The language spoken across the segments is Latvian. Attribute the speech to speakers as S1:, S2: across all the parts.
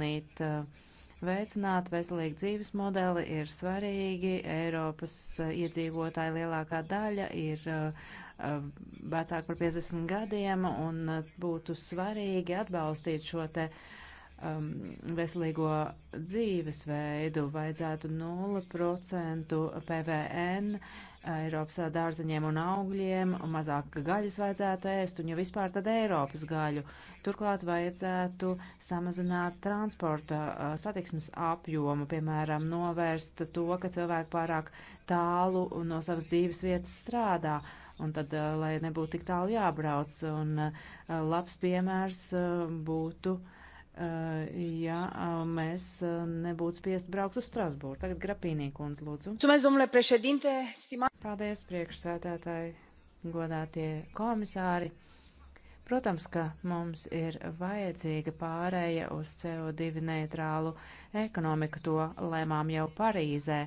S1: pelnīt. Eh, veicināt veselīgu dzīves modeli ir svarīgi. Eiropas eh, iedzīvotāji lielākā daļa ir eh, vecāki par 50 gadiem, un būtu svarīgi atbalstīt šo te um, veselīgo dzīvesveidu. Vajadzētu 0% PVN Eiropas dārzeņiem un augļiem, un mazāk gaļas vajadzētu ēst, un jau vispār tad Eiropas gaļu. Turklāt vajadzētu samazināt transporta satiksmes apjomu, piemēram, novērst to, ka cilvēki pārāk tālu no savas dzīves vietas strādā. Un tad, lai nebūtu tik tālu jābrauc, un labs piemērs būtu uh, Eh, ja eh, mēs eh, nebūtu spiest braukt uz Strasbūru. Tagad Grapīnī kundze, lūdzu. Sumēs, domnule prešedinte, stimā. Paldies, priekšsētētāji, godātie komisāri. Protams, ka mums ir vajadzīga pārēja uz CO2 neitrālu ekonomiku, to lēmām jau Parīzē.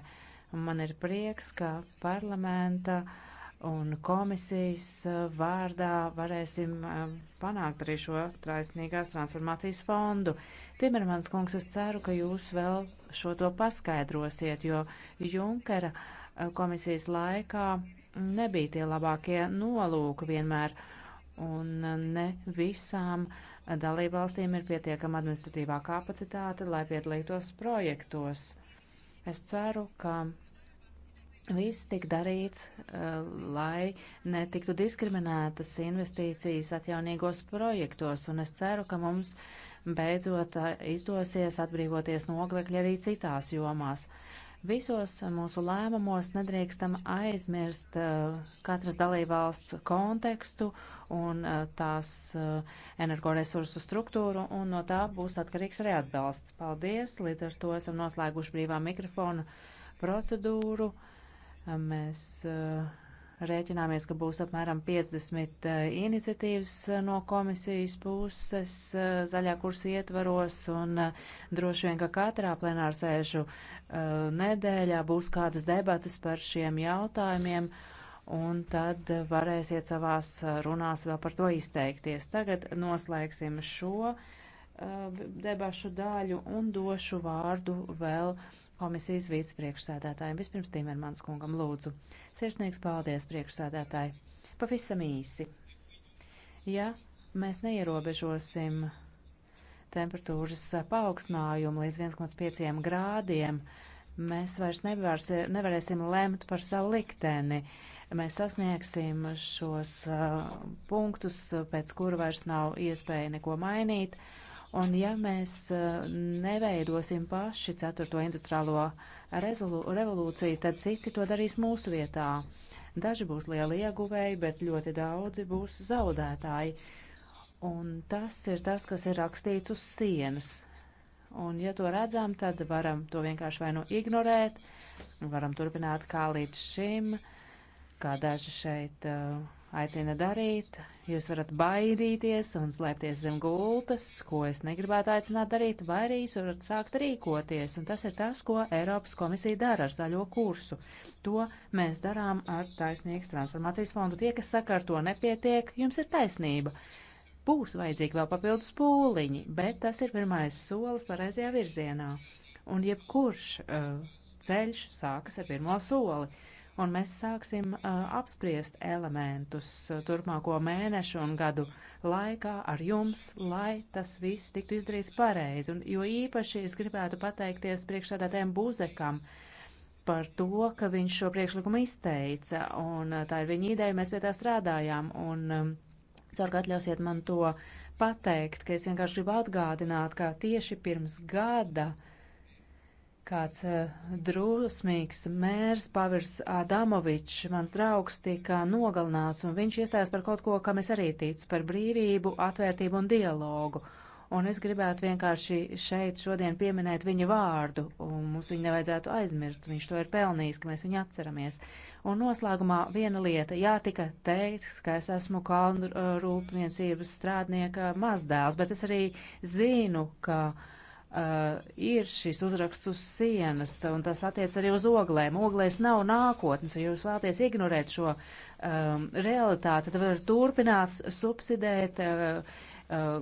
S1: Man ir prieks, ka parlamenta uh, un komisijas uh, vārdā varēsim uh, panākt arī šo traisnīgās transformācijas fondu. Timermans kungs, es ceru, ka jūs vēl šo to paskaidrosiet, jo Junkera uh, komisijas laikā nebija tie labākie nolūki vienmēr, un ne visām dalībvalstīm ir pietiekama administratīvā kapacitāte, lai piedalītos projektos. Es ceru, ka Viss tiek darīts, eh, lai netiktu diskriminētas investīcijas atjaunīgos projektos, un es ceru, ka mums beidzot eh, izdosies atbrīvoties no oglekļa arī citās jomās. Visos mūsu lēmumos nedrīkstam aizmirst eh, katras dalībvalsts kontekstu un tās energoresursu struktūru, un no tā būs atkarīgs arī atbalsts. Paldies! Līdz ar to esam noslēguši brīvā mikrofona procedūru. Mēs eh, rēķināmies, ka būs apmēram 50 eh, iniciatīvas eh, no komisijas puses zaļā kursa ietvaros, un droši vien, ka katrā plenārsēžu nedēļā būs kādas debatas par šiem jautājumiem un tad varēsiet savās runās vēl par to izteikties. Tagad noslēgsim šo uh, debašu daļu un došu vārdu vēl komisijas vicepriekšsēdētājiem. Vispirms Timermans kungam lūdzu. Sirsnīgs paldies, priekšsēdētāji. Pavisam īsi. Ja mēs neierobežosim temperatūras paaugstinājumu līdz 1,5 grādiem, mēs vairs nevērs, nevarēsim lemt par savu likteni. Mēs sasniegsim šos uh, punktus, pēc kura vairs nav iespēja neko mainīt. Uh, Un ja mēs e, neveidosim paši ceturto industriālo revolūciju, tad citi to darīs mūsu vietā. Daži būs lieli ieguvēji, bet ļoti daudzi būs zaudētāji. Un tas ir tas, kas ir rakstīts uz sienas. Un, ja to redzam, tad varam to vienkārši vai nu ignorēt, varam turpināt kā līdz šim, kā daži šeit uh, aicina darīt. Jūs varat baidīties un slēpties zem gultas, ko es negribētu aicināt darīt, vai arī jūs varat sākt rīkoties. Un tas ir tas, ko Eiropas komisija dara ar zaļo kursu. To mēs darām ar taisnīgas transformācijas fondu. Tie, kas saka, ar to nepietiek, jums ir taisnība. Būs vajadzīgi vēl papildus pūliņi, bet tas ir pirmais solis pareizajā virzienā. Un jebkurš uh, ceļš sākas ar pirmo soli un mēs sāksim uh, apspriest elementus uh, turpmāko mēnešu un gadu laikā ar jums, lai tas viss tiktu izdarīts pareizi. Un, jo īpaši es gribētu pateikties priekšsādātēm Buzekam par to, ka viņš šo priekšlikumu izteica, un uh, tā ir viņa ideja, mēs pie tā strādājām. Un, um, Ceru, ka atļausiet man to pateikt, ka es vienkārši gribu atgādināt, ka tieši pirms gada uh, kāds eh, drūsmīgs mērs pavirs Adamovičs, mans draugs, tika nogalināts, un viņš iestājās par kaut ko, kam es arī ticu, par brīvību, atvērtību un dialogu un es gribētu vienkārši šeit šodien pieminēt viņa vārdu, un mums viņu nevajadzētu aizmirst, viņš to ir pelnījis, ka mēs viņu atceramies. Un noslēgumā viena lieta, jā, tika teikts, ka es esmu kalnu eh, rūpniecības strādnieka mazdēls, bet es arī zinu, ka uh, uh, ir šis uzraksts uz sienas, un tas attiec arī uz oglēm. Oglēs nav nākotnes, ja jūs vēlaties ignorēt šo um, realitāti, tad var turpināt subsidēt uh, uh,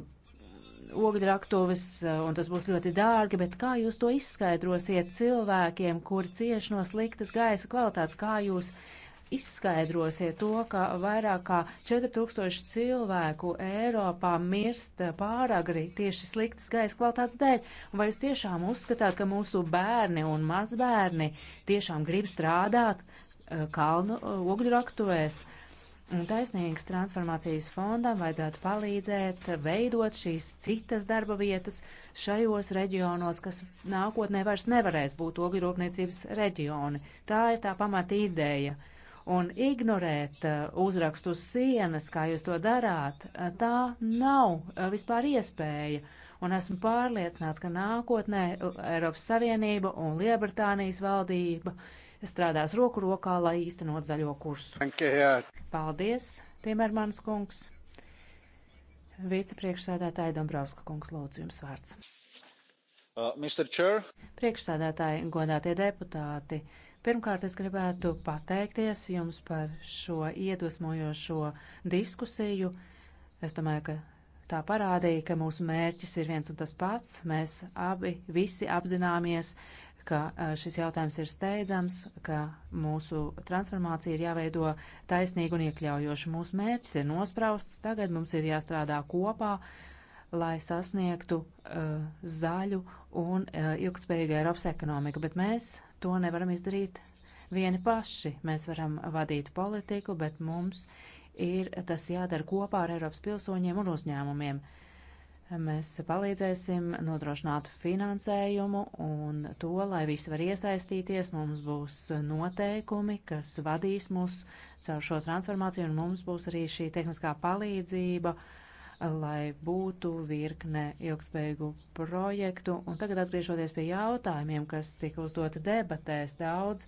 S1: ogļraktuves, uh, un tas būs ļoti dārgi, bet kā jūs to izskaidrosiet cilvēkiem, kuri cieši no sliktas gaisa kvalitātes, kā jūs uh, izskaidrosiet to, ka vairāk kā 4000 cilvēku Eiropā mirst pāragri tieši sliktas gaisa kvalitātes dēļ? Vai jūs tiešām uzskatāt, ka mūsu bērni un mazbērni tiešām grib strādāt eh, kalnu eh, ogļraktuvēs? Un taisnīgas transformācijas fondam vajadzētu palīdzēt veidot šīs citas darba vietas šajos reģionos, kas nākotnē vairs nevarēs būt ogļrūpniecības reģioni. Tā ir tā pamata ideja. Uh, un ignorēt eh, uzrakstu uz sienas, kā jūs to darāt, eh, tā nav eh, vispār iespēja. Un esmu pārliecināts, ka nākotnē Eiropas Savienība un Liebritānijas valdība strādās roku rokā, lai īstenot zaļo kursu. Paldies, Timermans kungs. Vicepriekšsēdētāja Dombrovska kungs, lūdzu jums vārds.
S2: Uh,
S1: Priekšsēdētāji, godātie deputāti, uh, Pirmkārt, es gribētu pateikties jums par šo iedvesmojošo diskusiju. Es domāju, ka tā parādīja, ka mūsu mērķis ir viens un tas pats. Mēs abi visi apzināmies, ka šis jautājums ir steidzams, ka mūsu transformācija ir jāveido taisnīgi un iekļaujoši. Mūsu mērķis ir nosprausts, tagad mums ir jāstrādā kopā, lai sasniegtu uh, zaļu un uh, ilgspējīgu Eiropas ekonomiku, bet mēs to nevaram izdarīt vieni paši. Mēs varam vadīt politiku, bet mums ir tas jādara kopā ar Eiropas pilsoņiem un uzņēmumiem. Mēs palīdzēsim nodrošināt finansējumu un to, lai visi var iesaistīties. Mums būs noteikumi, kas vadīs mūs caur šo transformāciju, un mums būs arī šī tehniskā palīdzība uh, lai būtu virkne ilgspējīgu projektu. Un tagad atgriežoties pie jautājumiem, kas tika uzdoti debatēs daudz,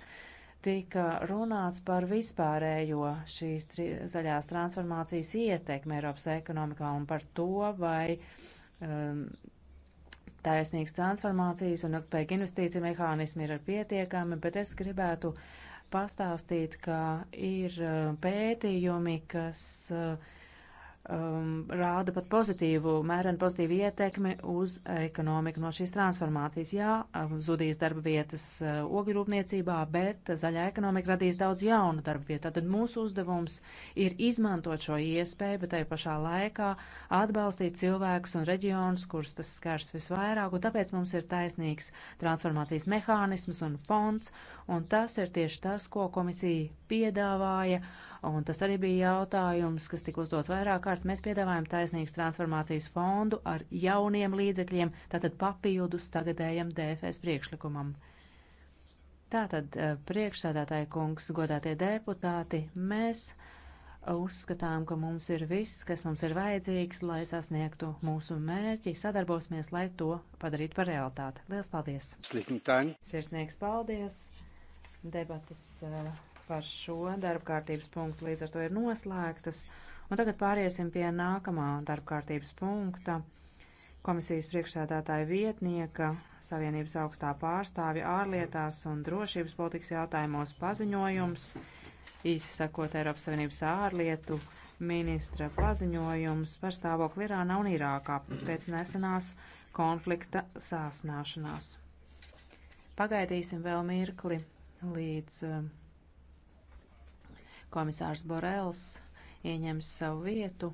S1: tika runāts par vispārējo šīs tri, zaļās transformācijas ietekmi Eiropas ekonomikā un par to, vai um, taisnīgas transformācijas un ilgspējīga investīcija mehānismi ir pietiekami, bet es gribētu pastāstīt, ka ir uh, pētījumi, kas uh, um, rāda pat pozitīvu, mērena pozitīvu ietekmi uz ekonomiku no šīs transformācijas. Jā, um, zudīs darba vietas uh, ogļu rūpniecībā, bet zaļā ekonomika radīs daudz jaunu darba vietu. Tad mūsu uzdevums ir izmantot šo iespēju, bet tajā pašā laikā atbalstīt cilvēkus un reģionus, kurus tas skars visvairāk, un tāpēc mums ir taisnīgs transformācijas mehānisms un fonds, un tas ir tieši tas, ko komisija piedāvāja Un tas arī bija jautājums, kas tika uzdots vairāk kārts. Mēs piedāvājam taisnīgas transformācijas fondu ar jauniem līdzekļiem, tātad papildus tagadējam DFS priekšlikumam. Tātad, eh, priekšsēdētāji kungs, godātie deputāti, mēs uzskatām, ka mums ir viss, kas mums ir vajadzīgs, lai sasniegtu mūsu mērķi, sadarbosimies, lai to padarītu par realitāti. Lielas paldies!
S2: Sliktāji!
S1: Sirsnieks, paldies! Debatas. Uh, par šo darba kārtības punktu, līdz ar to ir noslēgtas. Un tagad pāriesim pie nākamā darba kārtības punkta. Komisijas priekšsēdētāja vietnieka, Savienības augstā pārstāvja ārlietās un drošības politikas jautājumos paziņojums, izsakot Eiropas Savienības ārlietu ministra paziņojums par stāvokli Irānā un Irākā pēc nesenās konflikta sāsnāšanās. Pagaidīsim vēl mirkli līdz uh, komisārs Borels ieņems savu vietu.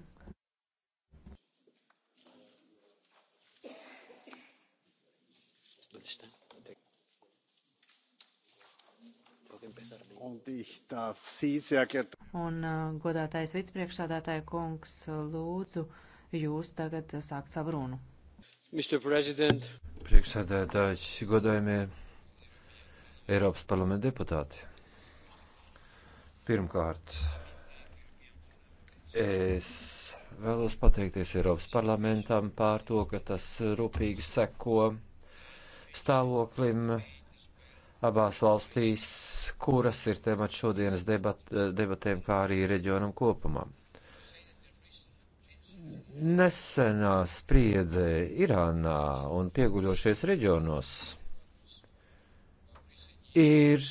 S1: Un uh, godātais vicepriekšsādātāja kungs, lūdzu, jūs tagad sākt savu runu.
S2: Priekšsādātājs, godājumie Eiropas parlamenta deputāti. Pirmkārt, es vēlos pateikties Eiropas parlamentam par to, ka tas rūpīgi seko stāvoklim abās valstīs, kuras ir temats šodienas debat, debatēm, kā arī reģionam kopumā. Nesenā spriedze Irānā un pieguļošies reģionos ir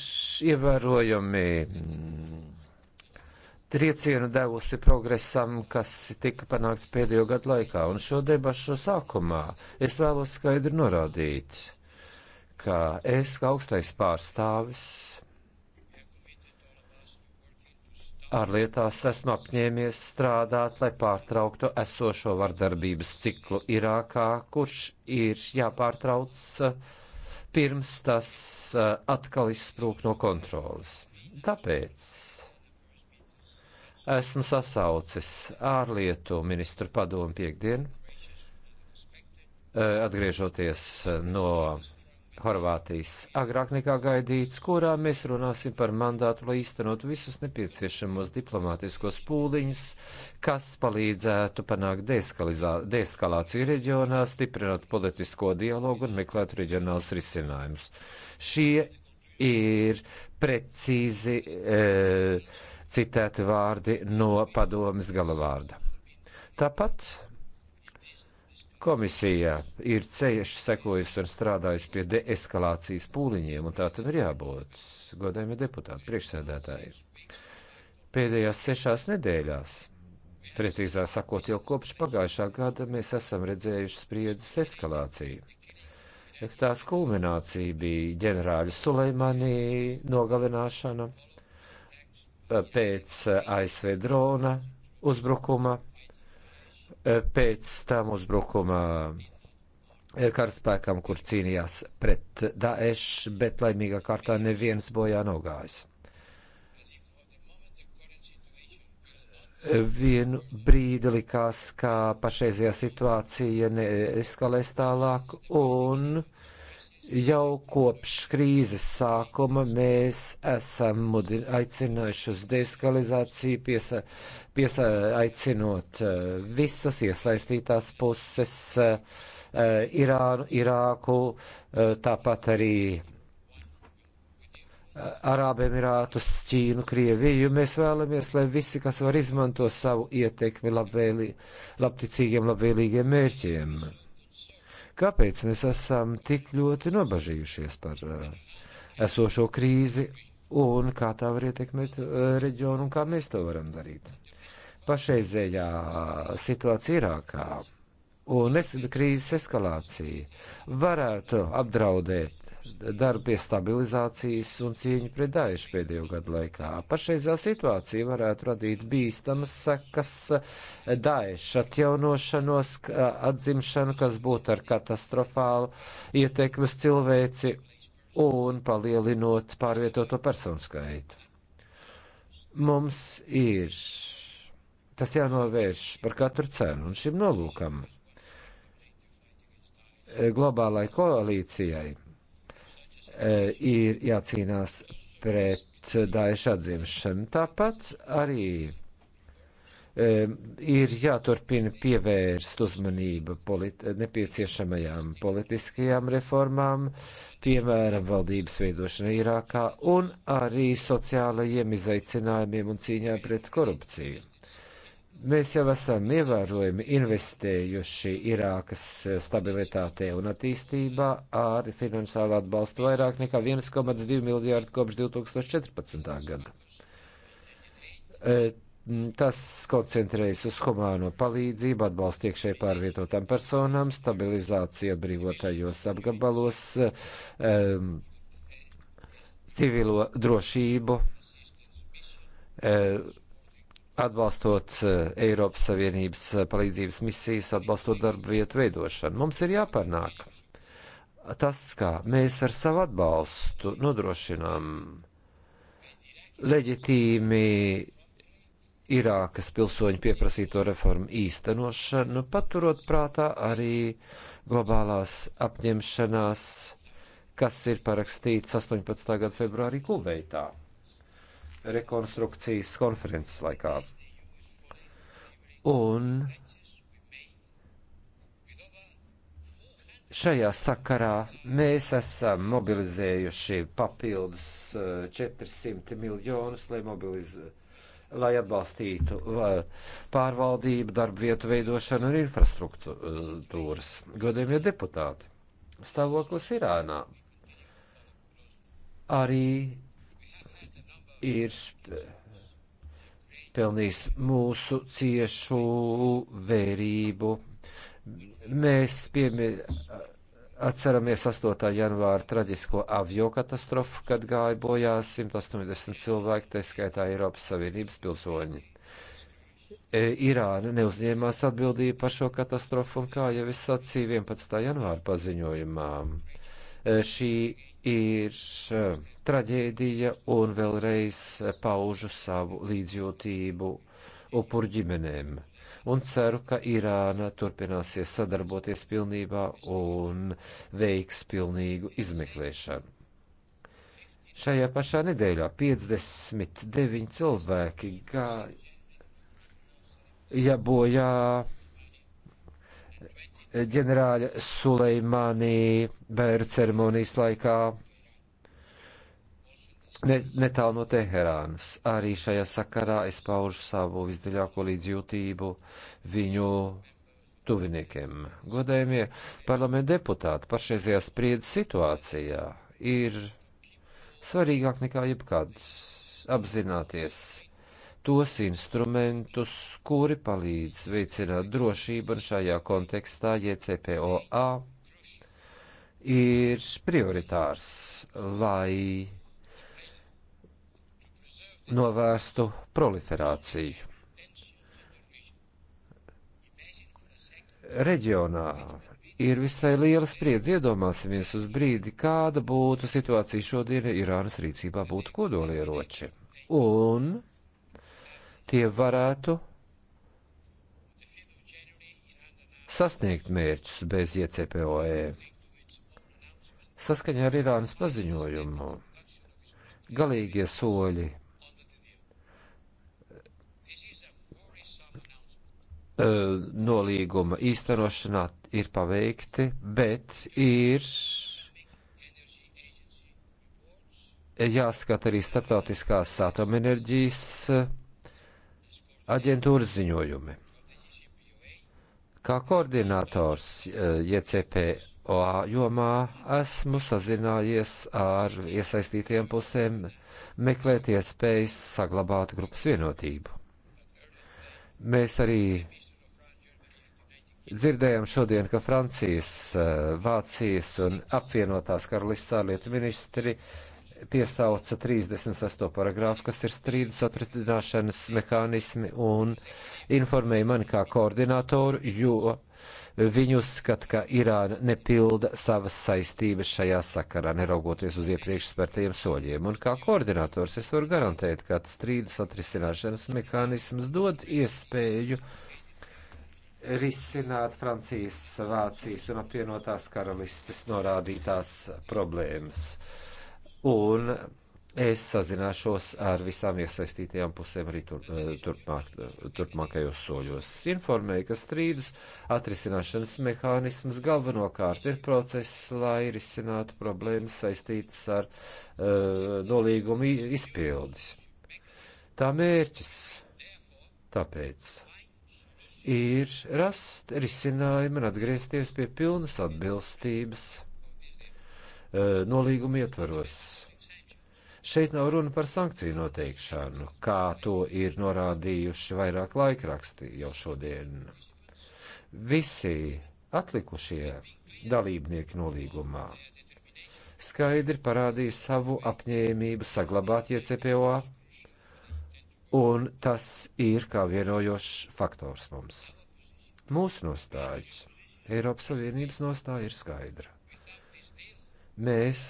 S2: ievērojami mm, triecienu devusi progresam, kas tika panākts pēdējo gadu laikā. Un šo debašu sākumā es vēlos skaidri norādīt, ka es kā augstais pārstāvis ārlietās esmu apņēmies strādāt, lai pārtrauktu esošo vardarbības ciklu Irākā, kurš ir jāpārtrauc. Uh, pirms tas uh, atkal izsprūk no kontrolas. Tāpēc esmu sasaucis ārlietu ministru padomu piekdienu, uh, atgriežoties uh, no Horvātijas agrāk nekā gaidīts, kurā mēs runāsim par mandātu, lai īstenot visus nepieciešamos diplomātiskos pūliņus, kas palīdzētu panākt deeskalāciju reģionā, stiprināt politisko dialogu un meklēt reģionālus risinājumus. Šie ir precīzi e, citēti vārdi no padomas galavārda. Tāpat Komisija ir ceļš sekojusi un strādājusi pie deeskalācijas pūliņiem, un tā tam ir jābūt, godējumi deputāti, priekšsēdētāji. Pēdējās sešās nedēļās, precīzāk sakot, jau kopš pagājušā gada mēs esam redzējuši spriedzes eskalāciju. Tās kulminācija bija ģenerāļa Suleimani nogalināšana pēc ASV drona uzbrukuma pēc tam uzbrukumā eh, karaspēkam, kurš cīnījās pret Daesh, bet laimīgā kārtā neviens bojā nav gājis. Vienu brīdi likās, ka pašreizajā situācija neeskalēs tālāk un uh, Jau kopš krīzes sākuma mēs esam mudin, aicinājuši uz deskalizāciju, piesa, piesa, aicinot eh, visas iesaistītās puses, eh, eh, Irānu, Irāku, tāpat arī Arābu Emirātus, Ķīnu, Krieviju. Mēs vēlamies, lai visi, kas var izmanto savu ietekmi labvēlī, labticīgiem, labvēlīgiem mērķiem. Kāpēc mēs esam tik ļoti nobažījušies par eh, esošo krīzi un kā tā var ietekmēt eh, reģionu un kā mēs to varam darīt? Pašreizējā situācija Irākā un es, krīzes eskalācija varētu apdraudēt darbu pie stabilizācijas un cīņu pret Daešu pēdējo gadu laikā. Pašreizā situācija varētu radīt bīstamas sekas eh, Daeša atjaunošanos, eh, atzimšanu, kas būtu ar katastrofālu ietekmi uz cilvēci un palielinot pārvietoto personu skaitu. Mums ir tas jānovērš par katru cenu un šim nolūkam eh, globālai koalīcijai ir jācīnās pret Daešu atzimšanu. Tāpat arī ir jāturpina pievērst uzmanība polit nepieciešamajām politiskajām reformām, piemēram, valdības veidošanai Irākā un arī sociālajiem izaicinājumiem un cīņā pret korupciju. Mēs jau esam ievērojami investējuši Irākas eh, stabilitātē un attīstībā ar finansiālu atbalstu vairāk nekā 1,2 miljārdu kopš 2014. gada. Eh, tas koncentrējas uz humāno palīdzību, atbalstu iekšēji pārvietotām personām, stabilizāciju atbrīvotajos apgabalos, um, civilo drošību. Um, atbalstot eh, Eiropas Savienības eh, palīdzības misijas, atbalstot darba vietu veidošanu. Mums ir jāpanāk tas, kā mēs ar savu atbalstu nodrošinām leģitīmi Irākas pilsoņu pieprasīto reformu īstenošanu, paturot prātā arī globālās apņemšanās, kas ir parakstīts 18. gada februārī Kuveitā rekonstrukcijas konferences laikā. Un šajā sakarā mēs esam mobilizējuši papildus 400 eh, miljonus, lai mobilizētu lai atbalstītu eh, pārvaldību, darba vietu veidošanu un infrastruktūras. Godējumie deputāti, stāvoklis Irānā arī ir pelnījis mūsu ciešu vērību. Mēs pieminam. Atceramies 8. janvāra traģisko avio katastrofu, kad gāja bojā 180 cilvēki, tā skaitā Eiropas Savienības pilsoņi. E, Irāna neuzņēmās atbildību par šo katastrofu un, kā jau es sacīju, 11. janvāra paziņojumā Šī ir traģēdija un vēlreiz paužu savu līdzjūtību upuru ģimenēm. Un ceru, ka Irāna turpināsies sadarboties pilnībā un veiks pilnīgu izmeklēšanu. Šajā pašā nedēļā 59 cilvēki gāja bojā ģenerāļa Suleimani bērnu ceremonijas laikā ne, netālu no Teherānas. Arī šajā sakarā es paužu savu visdziļāko līdzjūtību viņu tuviniekiem. Godējumie parlamenta deputāti pašreizajā spriedzes situācijā ir svarīgāk nekā jebkad apzināties tos instrumentus, kuri palīdz veicināt drošību, un šajā kontekstā JCPOA ir prioritārs, lai novērstu proliferāciju. Reģionā ir visai liela spriedze. Iedomāsimies uz brīdi, kāda būtu situācija šodien, ja Irānas rīcībā būtu kodolieroči. Un tie varētu sasniegt mērķus bez ICPOE. Saskaņā ar Irānas paziņojumu galīgie soļi eh, nolīguma īstenošanā ir paveikti, bet ir jāskata arī starptautiskās atomenerģijas eh, aģentūras ziņojumi. Kā koordinators JCPOA eh, e jomā esmu sazinājies ar iesaistītiem pusēm meklēt iespējas saglabāt grupas vienotību. Mēs arī dzirdējām šodien, ka Francijas, eh, Vācijas un apvienotās karalists ārlietu ministri uh, piesauca 36. paragrāfu, kas ir strīdus atrisināšanas mehānismi un informēja mani kā koordinātoru, jo viņi uzskata, ka Irāna nepilda savas saistības šajā sakarā, neraugoties uz iepriekš spērtajiem soļiem. Un kā koordinators es varu garantēt, ka strīdus atrisināšanas mehānisms dod iespēju risināt Francijas, Vācijas un apvienotās karalistes norādītās problēmas. Uh, un es sazināšos ar visām iesaistītajām pusēm arī tur, eh, turpmāk, turpmākajos soļos. Informēju, ka strīdus atrisināšanas mehānisms galvenokārt ir process, lai risinātu problēmas saistītas ar uh, nolīgumu izpildes. Tā mērķis tāpēc ir rast risinājumu un atgriezties pie pilnas atbilstības E, nolīguma ietvaros. Šeit nav runa par sankciju noteikšanu, kā to ir norādījuši vairāk laikraksti jau šodien. Visi atlikušie dalībnieki nolīgumā skaidri parādīja savu apņēmību saglabāt ICPOA, un tas ir kā vienojošs faktors mums. Mūsu nostāja, Eiropas Savienības nostāja ir skaidra. Mēs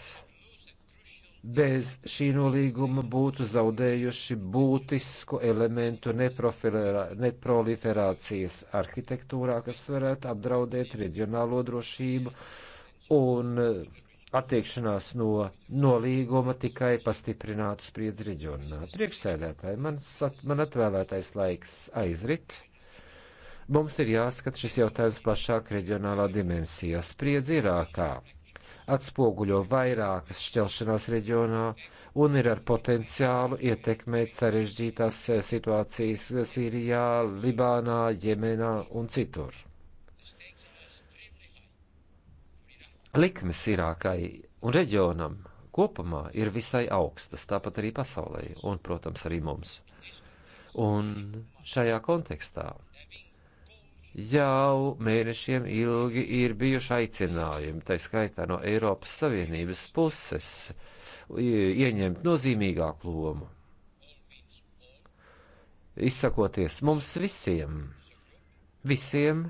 S2: bez šī nolīguma būtu zaudējuši būtisku elementu neproliferācijas arhitektūrā, kas varētu apdraudēt reģionālo drošību un eh, attiekšanās no nolīguma tikai pastiprinātu spriedzi reģionā. Priekšsēdētāji, man, at, man atvēlētais laiks aizrit. Mums ir jāskat šis jautājums plašāk reģionālā dimensijā. Spriedzi Irākā atspoguļo vairākas šķelšanās reģionā un ir ar potenciālu ietekmēt sarežģītās eh, situācijas Sīrijā, Libānā, Jemenā un citur. Likmes Irākai un reģionam kopumā ir visai augstas, tāpat arī pasaulē, un, protams, arī mums. Un šajā kontekstā jau mēnešiem ilgi ir bijuši aicinājumi, tā skaitā no Eiropas Savienības puses, ieņemt nozīmīgāku lomu. Izsakoties mums visiem, visiem,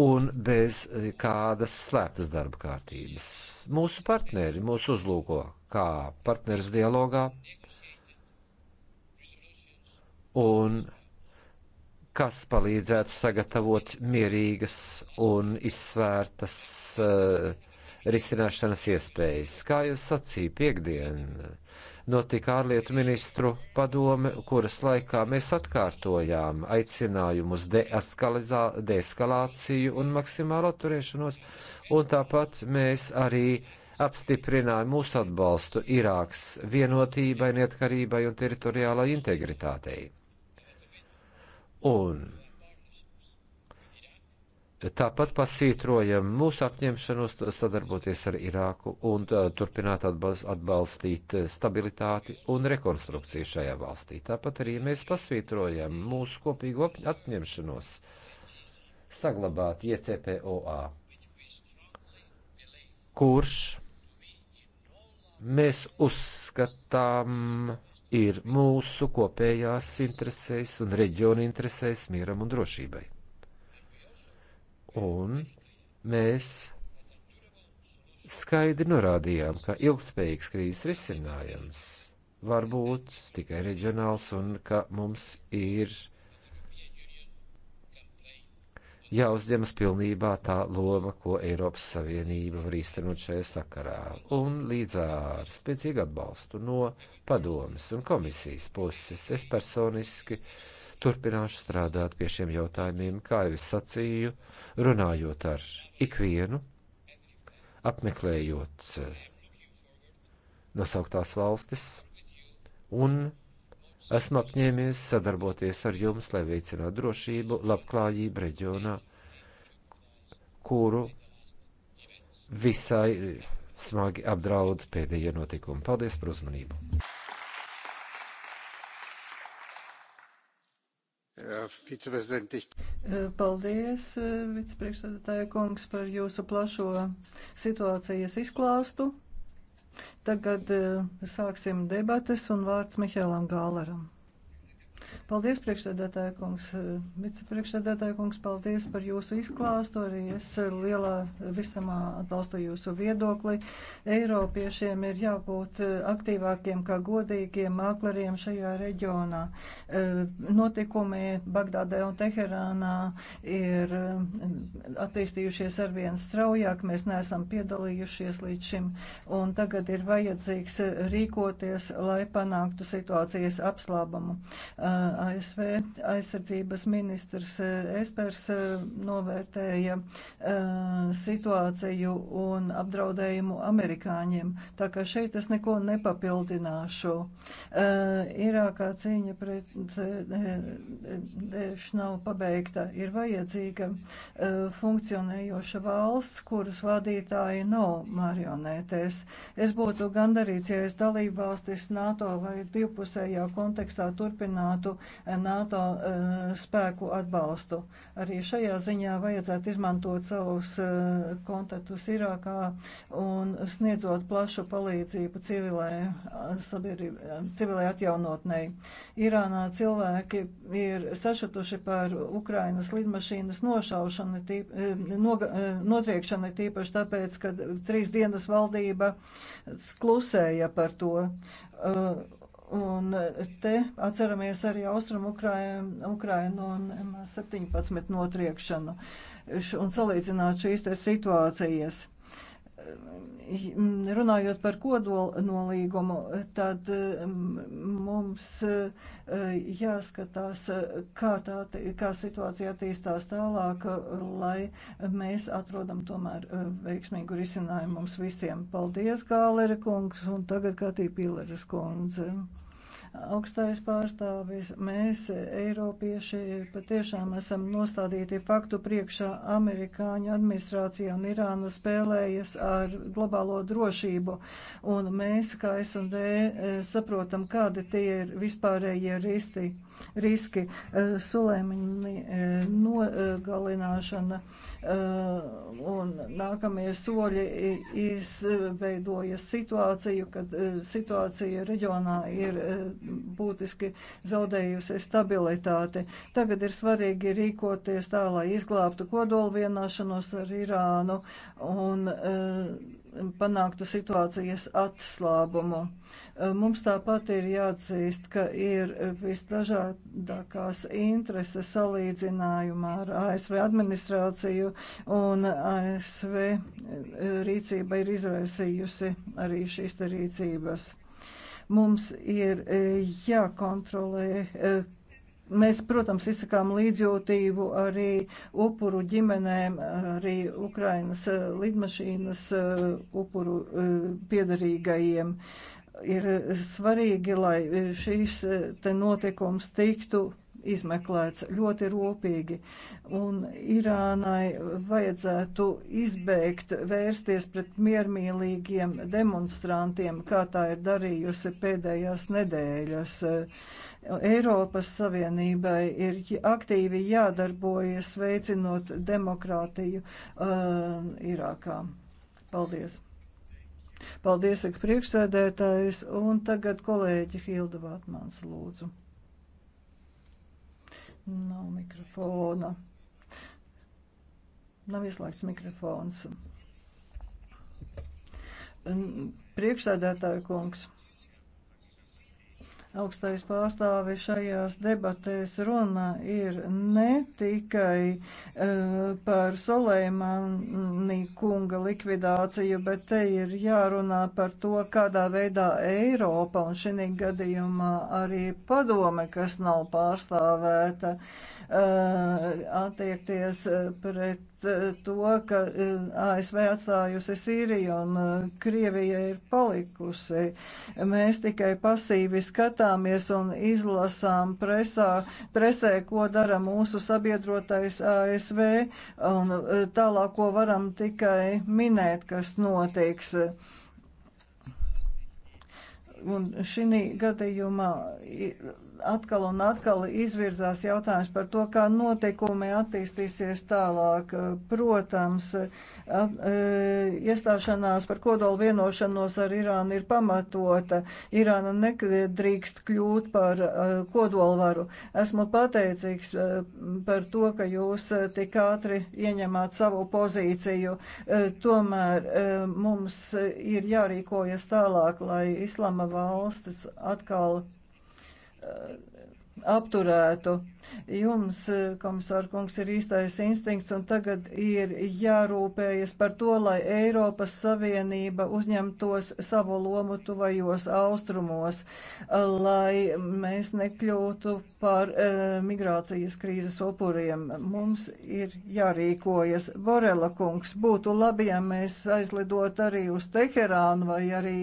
S2: un bez kādas slēptas darba kārtības. Mūsu partneri mūs uzlūko kā partneris dialogā, un kas palīdzētu sagatavot mierīgas un izsvērtas uh, risināšanas iespējas. Kā jūs sacījāt, piekdien notika ārlietu ministru padome, kuras laikā mēs atkārtojām aicinājumu uz deeskalāciju un maksimālu atturēšanos, un tāpat mēs arī apstiprināja mūsu atbalstu Irākas vienotībai, neatkarībai un teritoriālai integritātei. Un Tāpat pasvītrojam mūsu apņemšanos sadarboties ar Irāku un turpināt atbalstīt stabilitāti un rekonstrukciju šajā valstī. Tāpat arī mēs pasvītrojam mūsu kopīgo apņemšanos saglabāt JCPOA, kurš mēs uzskatām ir mūsu kopējās interesēs un reģiona interesēs mieram un drošībai. Un mēs skaidri norādījām, ka ilgspējīgs krīzes risinājums var būt tikai reģionāls un ka mums ir jāatbalsta jāuzņemas pilnībā tā loma, ko Eiropas Savienība var īstenot šajā sakarā. Un līdz ar spēcīgu atbalstu no padomas un komisijas puses es personiski turpināšu strādāt pie šiem jautājumiem, kā jau es sacīju, runājot ar ikvienu, apmeklējot eh, nosauktās valstis un Esmu apņēmies sadarboties ar jums, lai veicinātu drošību, labklājību reģionā, kuru visai smagi apdraud pēdējie notikumi. Paldies par uzmanību!
S3: Paldies, vicepriekšsēdētāja kungs, par jūsu plašo situācijas izklāstu. Tagad eh, sāksim debates un vārds Mihēlam Gāleram. Paldies, priekšsēdētāja kungs. Vicepriekšsēdētāja kungs, paldies par jūsu izklāstu. Arī es lielā visamā atbalstu jūsu viedokli. Eiropiešiem ir jābūt eh, aktīvākiem kā godīgiem mākleriem šajā reģionā. Eh, notikumi Bagdādē un Teherānā ir eh, attīstījušies arvien straujāk. Mēs neesam piedalījušies līdz šim. Un tagad ir vajadzīgs rīkoties, lai panāktu situācijas apslābumu. Uh, ASV aizsardzības ministrs eh, Espers eh, novērtēja eh, situāciju un apdraudējumu amerikāņiem. Tā kā šeit es neko nepapildināšu. Irākā cīņa pret Daesh nav pabeigta. Ir vajadzīga funkcionējoša valsts, kuras vadītāji nav marionētēs. Es būtu gandarīts, ja es dalību valstis NATO vai divpusējā kontekstā turpinātu nodrošinātu eh, NATO eh, spēku atbalstu. Arī šajā ziņā vajadzētu izmantot savus eh, kontaktus Irākā un sniedzot plašu palīdzību civilai, civilai atjaunotnei. Irānā cilvēki ir sašutuši par Ukrainas lidmašīnas nošaušanu, tīp, noga, notriekšanu tīpaši tāpēc, ka trīs dienas valdība klusēja par to. Uh, Un te atceramies arī Austrumu Ukrainu un M17 notriekšanu un salīdzināt šīs te situācijas runājot par kodola nolīgumu, tad mums e, jāskatās, kā, tā, kā situācija attīstās tālāk, lai mēs atrodam tomēr e, veiksmīgu risinājumu mums visiem. Paldies, Gālera kungs, un tagad Katī Pileres kundze. Augstais pārstāvis, mēs, Eiropieši, patiešām esam nostādīti faktu priekšā amerikāņu administrācija un Irāna spēlējas ar globālo drošību. Un mēs, kā S&D, saprotam, kādi tie ir vispārējie risti riski. E, Sulēmiņa e, nogalināšana e, un nākamie soļi izveidoja situāciju, kad situācija reģionā ir būtiski zaudējusi stabilitāti. Tagad ir svarīgi rīkoties tā, lai izglābtu kodolvienošanos ar Irānu un panāktu situācijas atslābumu. E, mums tāpat ir jāatzīst, ka ir visdažādākās intereses salīdzinājumā ar ASV administrāciju, un ASV rīcība ir izraisījusi arī šīs rīcības. Mums ir e, jākontrolē, e, Mēs, protams, izsakām līdzjūtību arī upuru ģimenēm, arī Ukrainas eh, lidmašīnas eh, upuru eh, piedarīgajiem. Ir svarīgi, lai šīs te notikums tiktu izmeklēts ļoti rūpīgi, un Irānai vajadzētu izbeigt vērsties pret miermīlīgiem demonstrantiem, kā tā ir darījusi pēdējās nedēļas. Uh, Eiropas Savienībai ir aktīvi jādarbojas veicinot demokrātiju uh, Irākā. Paldies! Paldies, saka priekšsēdētājs, un tagad kolēģi Hilda Vātmans lūdzu. Nav mikrofona. Nav ieslēgts mikrofons. Priekšsēdētāju kungs augstais pārstāve šajās debatēs runa ir ne tikai uh, par Soleimani kunga likvidāciju, bet te ir jārunā par to, kādā veidā Eiropa un šī gadījumā arī padome, kas nav pārstāvēta, uh, attiekties pret Eh, to, ka eh, ASV atstājusi Sīriju un eh, Krievija ir palikusi. Mēs tikai pasīvi skatāmies un izlasām presā, presē, ko dara mūsu sabiedrotais ASV, un tālāk, ko varam tikai minēt, kas notiks. Un šī gadījumā atkal un atkal izvirzās jautājums par to, kā notikumi attīstīsies tālāk. Protams, at, e, iestāšanās par kodolu vienošanos ar Irānu ir pamatota. Irāna nedrīkst kļūt par e, kodolvaru. Esmu pateicīgs e, par to, ka jūs e, tik ātri ieņemāt savu pozīciju. E, tomēr e, mums ir jārīkojas tālāk, lai Islama valsts atkal apturētu Jums, e, komisārkungs, ir īstais instinkts un tagad ir jārūpējas par to, lai Eiropas Savienība uzņemtos savu lomu tuvajos austrumos, lai mēs nekļūtu par e, migrācijas krīzes upuriem. Mums ir jārīkojas. Borela kungs, būtu labi, ja mēs aizlidot arī uz Teherānu vai arī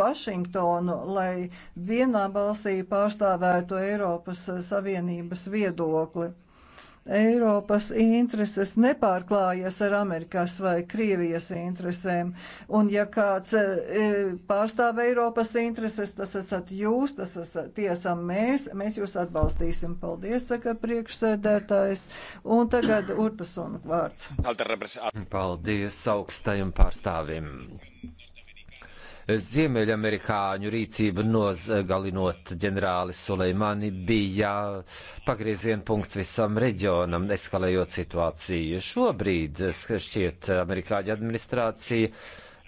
S3: Vašingtonu, lai vienā balsī pārstāvētu Eiropas Savienības vietu viedokli. Eiropas intereses nepārklājas ar Amerikas vai Krievijas interesēm. Un ja kāds e, pārstāv Eiropas intereses, tas esat jūs, tas esat tiesam mēs, mēs jūs atbalstīsim. Paldies, saka priekšsēdētājs. Un tagad Urtas un vārds.
S2: Paldies augstajam pārstāvim. Ziemeļamerikāņu rīcība nozgalinot ģenerāli Suleimani bija pagrieziena punkts visam reģionam, eskalējot situāciju. Šobrīd, šķiet, amerikāņu administrācija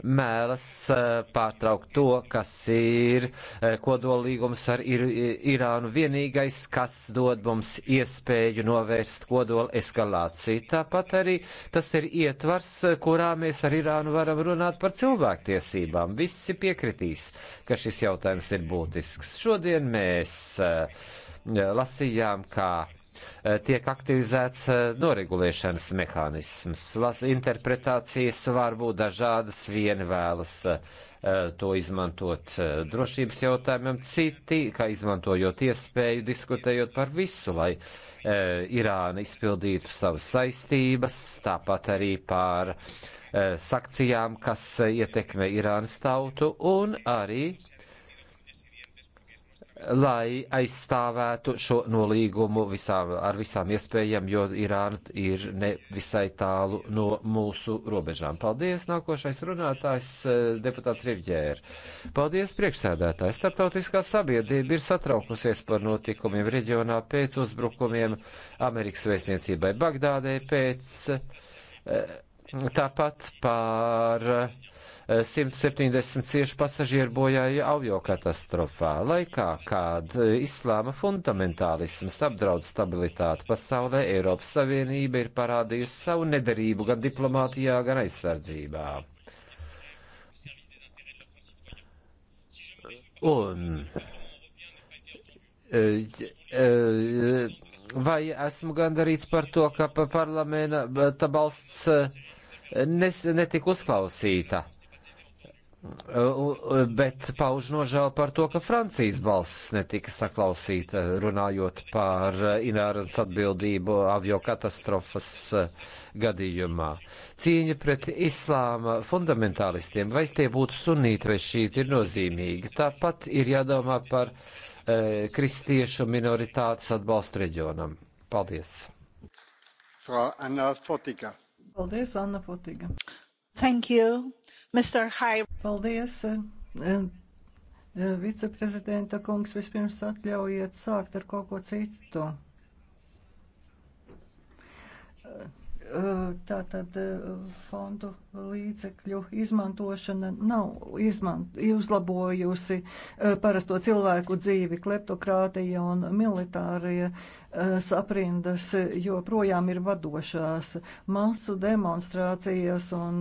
S2: mēlas eh, pārtraukt to, kas ir eh, kodolīgums ar ir, Irānu vienīgais, kas dod mums iespēju novērst kodola eskalāciju. Tāpat arī tas ir ietvars, kurā mēs ar Irānu varam runāt par cilvēktiesībām. Visi piekritīs, ka šis jautājums ir būtisks. Šodien mēs eh, lasījām, kā Eh, tiek aktivizēts eh, noregulēšanas mehānisms. Las interpretācijas var būt dažādas, vieni vēlas eh, to izmantot drošības jautājumiem, citi, kā izmantojot iespēju, diskutējot par visu, lai Irāna izpildītu savas saistības, tāpat arī par sakcijām, kas ietekmē Irānas tautu un arī lai aizstāvētu šo nolīgumu visām, ar visām iespējām, jo Irāna ir nevisai tālu no mūsu robežām. Paldies, nākošais runātājs, eh, deputāts Rivģēra. Paldies, priekšsēdētājs. Starptautiskā sabiedrība ir satraukusies par notikumiem reģionā pēc uzbrukumiem Amerikas vēstniecībai Bagdādē pēc. Uh, Tāpat par 170 eh, cieši pasažieru bojāja avio katastrofā, laikā, kad islāma fundamentālisms apdraud stabilitāti pasaulē, Eiropas Savienība ir parādījusi savu nederību gan diplomātijā, gan aizsardzībā. Un eh, eh, vai esmu gandarīts par to, ka parlamenta balsts nes, netika uzklausīta. Bet pauž nožēlu par to, ka Francijas balss netika saklausīta, runājot par Ināras atbildību avio katastrofas eh, gadījumā. Cīņa pret islāma fundamentālistiem, vai tie būtu sunīti vai šīti, ir nozīmīga. Tāpat ir jādomā par e, kristiešu minoritātes atbalstu reģionam. Paldies!
S3: Frau Anna Fotika. Paldies, Anna Fotiga. Thank you, Mr. High. Paldies. Eh, eh, eh, viceprezidenta kungs, vispirms atļaujiet sākt ar kaut ko citu tātad e, fondu līdzekļu izmantošana nav izmant, uzlabojusi e, parasto cilvēku dzīvi. Kleptokrātija un militārie e, saprindas joprojām ir vadošās. Masu demonstrācijas un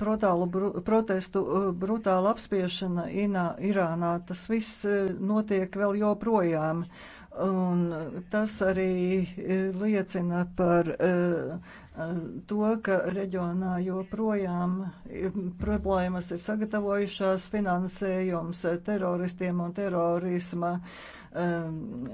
S3: protālu, protestu brutāla apspiešana Inā, Irānā, tas viss notiek vēl joprojām. Un tas arī liecina par eh, to, ka reģionā joprojām problēmas ir sagatavojušās finansējums teroristiem un terorisma um,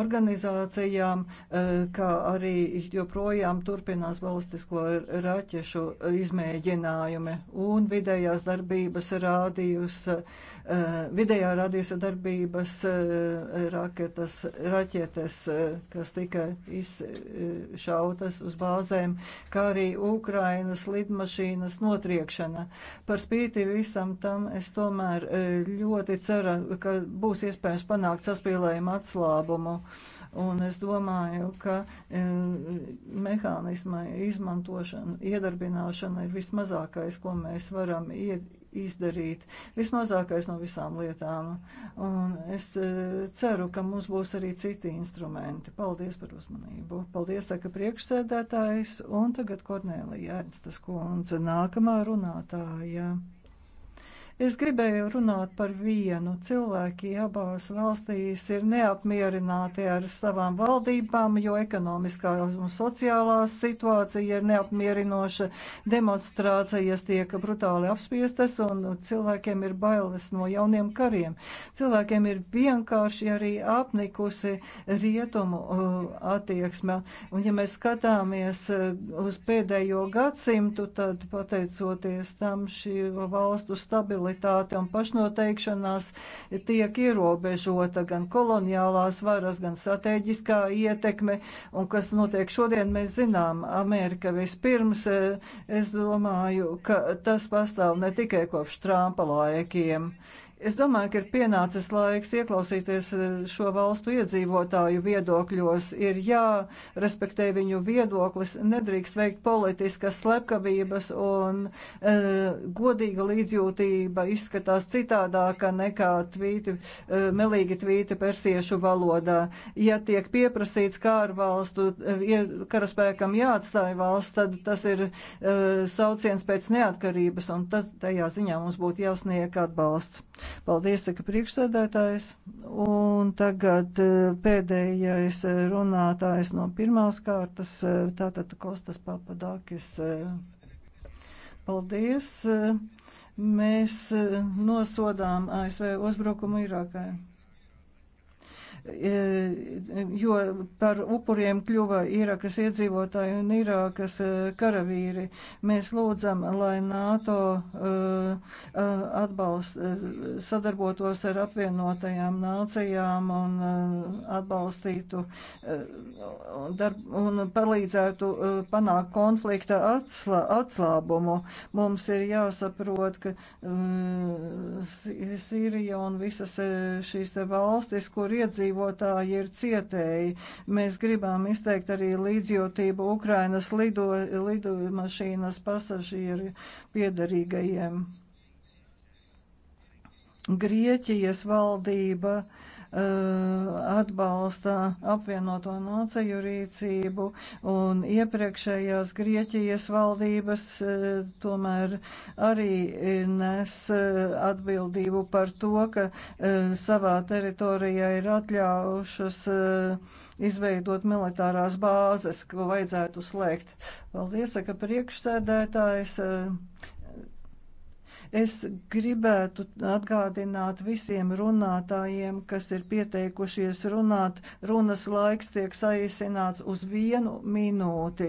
S3: organizācijām, uh, kā arī joprojām turpinās balistisko raķešu izmēģinājumi un vidējās darbības rādījus, uh, vidējā rādījusa darbības uh, raketas, raķetes, kas tika izšautas uz bāzēm kā arī Ukrainas lidmašīnas notriekšana. Par spīti visam tam es tomēr e, ļoti ceru, ka būs iespējams panākt saspīlējumu atslābumu. Un es domāju, ka e, mehānisma izmantošana, iedarbināšana ir vismazākais, ko mēs varam ied, izdarīt. Vismazākais no visām lietām. Un es e, ceru, ka mums būs arī citi instrumenti. Paldies par uzmanību. Paldies, saka priekšsēdētājs. Un tagad Kornēlija Ernsta skundze, nākamā runātāja. Es gribēju runāt par vienu. Cilvēki abās valstīs ir neapmierināti ar savām valdībām, jo ekonomiskā un sociālā situācija ir neapmierinoša, demonstrācijas tiek brutāli apspiestas un cilvēkiem ir bailes no jauniem kariem. Cilvēkiem ir vienkārši arī apnikusi rietumu uh, attieksme. Un ja mēs skatāmies uh, uz pēdējo gadsimtu, tad pateicoties tam šī valstu stabilitāte, stabilitāte un pašnoteikšanās tiek ierobežota gan koloniālās varas, gan strateģiskā ietekme, un kas notiek šodien, mēs zinām, Amerika vispirms, eh, es domāju, ka tas pastāv ne tikai kopš Trumpa laikiem. Es domāju, ka ir pienācis laiks ieklausīties eh, šo valstu iedzīvotāju viedokļos. Ir jārespektē viņu viedoklis, nedrīkst veikt politiskas slepkavības, un e, godīga līdzjūtība izskatās citādāka nekā tvīti, e, melīgi tvīti persiešu valodā. Ja tiek pieprasīts kārvalstu, e, karaspēkam jāatstāja valsts, tad tas ir e, sauciens pēc neatkarības, un tas, tajā ziņā mums būtu jāsniek atbalsts. Paldies, saka priekšsēdētājs. Un tagad e, pēdējais e, runātājs no pirmās kārtas, e, tātad Kostas Papadakis. Paldies. Mēs nosodām ASV uzbrukumu Irākai. E, jo par upuriem kļuva Irakas iedzīvotāji un Irākas e, karavīri. Mēs lūdzam, lai NATO e, atbalst, sadarbotos ar apvienotajām nācijām un atbalstītu un palīdzētu panākt konflikta atsla, atslābumu. Mums ir jāsaprot, ka Sīrija un visas šīs te valstis, kur iedzīvotāji, iedzīvotāji ir cietēji. Mēs gribam izteikt arī līdzjūtību Ukrainas lido, lidomašīnas pasažieru piedarīgajiem. Grieķijas valdība uh, Uh, atbalsta apvienoto nāciju rīcību un iepriekšējās Grieķijas valdības uh, tomēr arī nes uh, atbildību par to, ka savā teritorijā ir atļaušas izveidot militārās bāzes, ko vajadzētu slēgt. Paldies, ka priekšsēdētājs Es gribētu atgādināt visiem runātājiem, kas ir pieteikušies runāt, runas laiks tiek saīsināts uz vienu minūti.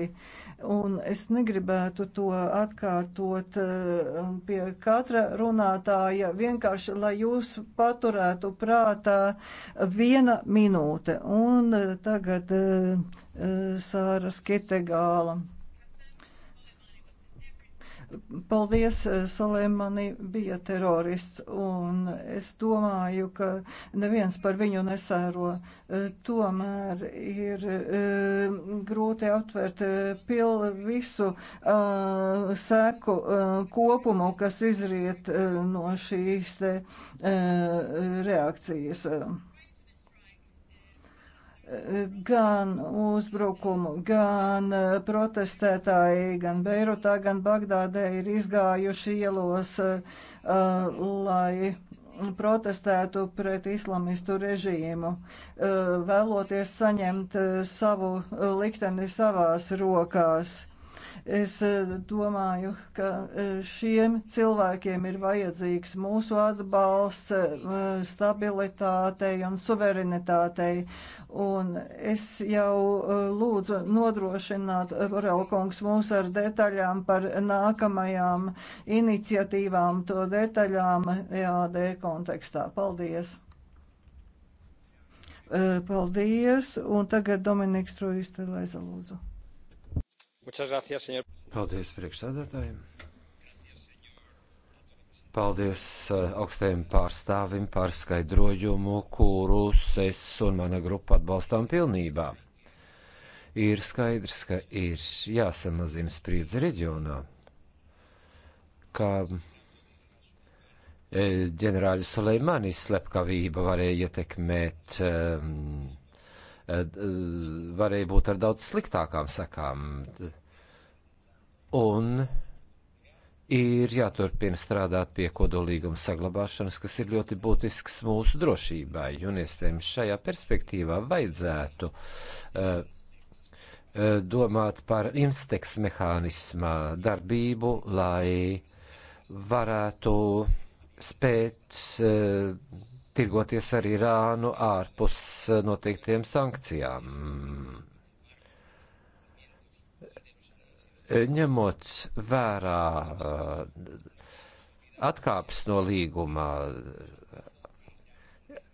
S3: Un es negribētu to atkārtot eh, pie katra runātāja, vienkārši, lai jūs paturētu prātā viena minūte. Un eh, tagad eh, Sāra Skirtegāla. Paldies, eh, Solēmani bija terorists, un es domāju, ka neviens par viņu nesēro. Eh, tomēr ir eh, grūti aptvert pil visu seku kopumu, kas izriet no šīs te reakcijas gan uzbrukumu, gan e, protestētāji, gan Beirutā, gan Bagdādē ir izgājuši ielos, e, e, lai protestētu pret islamistu režīmu, vēloties saņemt savu likteni savās rokās. Es eh, domāju, ka eh, šiem cilvēkiem ir vajadzīgs mūsu atbalsts eh, stabilitātei un suverenitātei. Un es jau lūdzu nodrošināt, Borel kungs, mūs ar detaļām par nākamajām iniciatīvām, to detaļām EAD kontekstā. Paldies! Paldies! Un tagad Dominiks Trujas Teleza lūdzu.
S2: Paldies priekšsēdētājiem! Paldies eh, augstajiem pārstāvim par skaidrojumu, kurus es un mana grupa atbalstām pilnībā. Ir skaidrs, ka ir jāsamazina spriedze reģionā, ka eh, ģenerāļa Soleimani slepkavība varēja ietekmēt, ehm, eh, varēja būt ar daudz sliktākām sakām un ir jāturpina strādāt pie kodolīguma saglabāšanas, kas ir ļoti būtisks mūsu drošībai, un iespējams šajā perspektīvā vajadzētu uh, uh, domāt par insteks mehānismā darbību, lai varētu spēt uh, tirgoties ar Irānu ārpus noteiktiem sankcijām ņemot vērā eh, atkāpes no līguma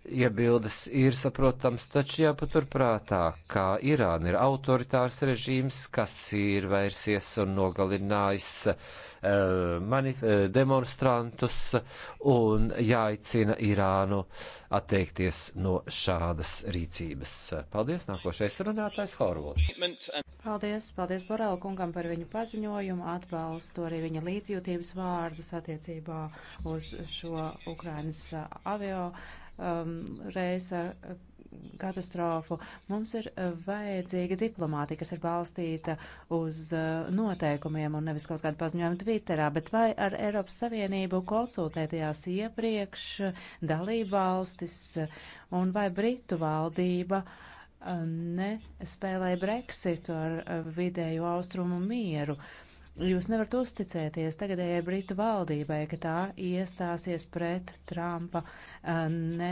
S2: Iebildes ir saprotams, taču jāpaturprātā, ka Irāna ir autoritārs režīms, kas ir vērsies un nogalinājis uh, manif, uh, demonstrantus un jāicina Irānu atteikties no šādas rīcības. Paldies, nākošais runātājs Horvots.
S1: Paldies, paldies Borela kungam par viņu paziņojumu, atbalstu arī viņa līdzjūtības vārdus attiecībā uz šo Ukrainas avio. Uh, um, reisa uh, katastrofu. Mums ir uh, vajadzīga diplomātija, kas ir balstīta uz uh, noteikumiem un nevis kaut kādu paziņojumu Twitterā, bet vai ar Eiropas Savienību konsultētajās iepriekš dalībvalstis un vai Britu valdība nespēlēja Brexitu ar vidēju austrumu mieru. Uh, Jūs nevarat uzticēties tagadējai Britu valdībai, ka tā iestāsies pret Trumpa eh, ne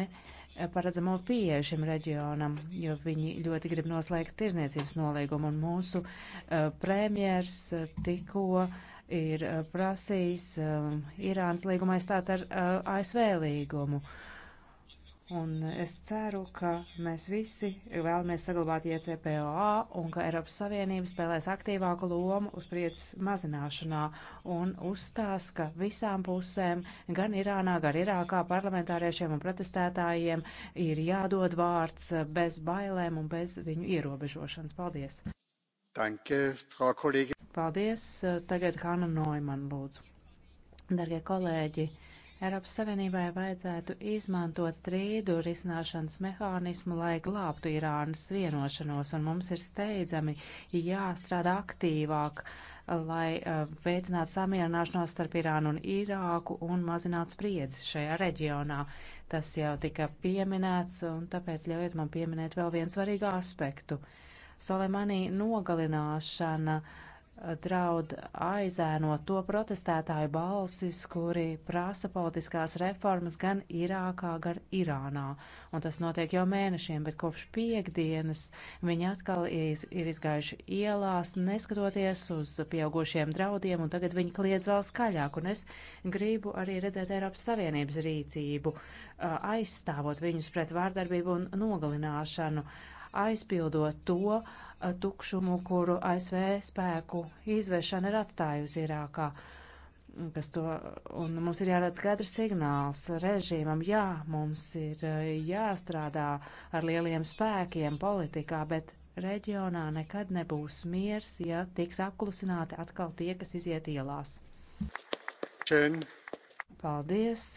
S1: paredzamo pieeju šim reģionam, jo viņi ļoti grib noslēgt tirzniecības nolīgumu, un mūsu uh, premjers eh, tikko ir prasījis uh, Irānas līgumu aizstāt ar uh, ASV līgumu. Uh, Un es ceru, ka mēs visi vēlamies saglabāt ICPOA un ka Eiropas Savienība spēlēs aktīvāku lomu uz priecas mazināšanā un uzstās, ka visām pusēm, gan Irānā, gan Irākā parlamentāriešiem un protestētājiem ir jādod vārds bez bailēm un bez viņu ierobežošanas. Paldies!
S2: Danke, Frau Kolēģi!
S1: Paldies! Tagad Hanna Neumann lūdzu. Dargie kolēģi! Eiropas Savienībai vajadzētu izmantot strīdu risināšanas mehānismu, lai glābtu Irānas vienošanos, un mums ir steidzami jāstrādā aktīvāk, lai eh, veicinātu samierināšanos starp Irānu un Irāku un mazinātu spriedzi šajā reģionā. Tas jau tika pieminēts, un tāpēc ļaujiet man pieminēt vēl vienu svarīgu aspektu. Soleimani nogalināšana uh, draud aizēnot to protestētāju balsis, kuri prasa politiskās reformas gan Irākā, gan Irānā. Un tas notiek jau mēnešiem, bet kopš piekdienas viņi atkal iz, ir izgājuši ielās, neskatoties uz pieaugušiem draudiem, un tagad viņi kliedz vēl skaļāk. Un es gribu arī redzēt Eiropas Savienības rīcību, aizstāvot viņus pret vārdarbību un nogalināšanu, aizpildot to, uh, tukšumu, kuru ASV spēku izvēršana ir atstājusi Irākā. Kas to, un mums ir jārāda skaidrs signāls režīmam, jā, mums ir eh, jāstrādā ar lieliem spēkiem politikā, bet reģionā nekad nebūs miers, ja tiks apklusināti atkal tie, kas iziet ielās. Čen. Paldies!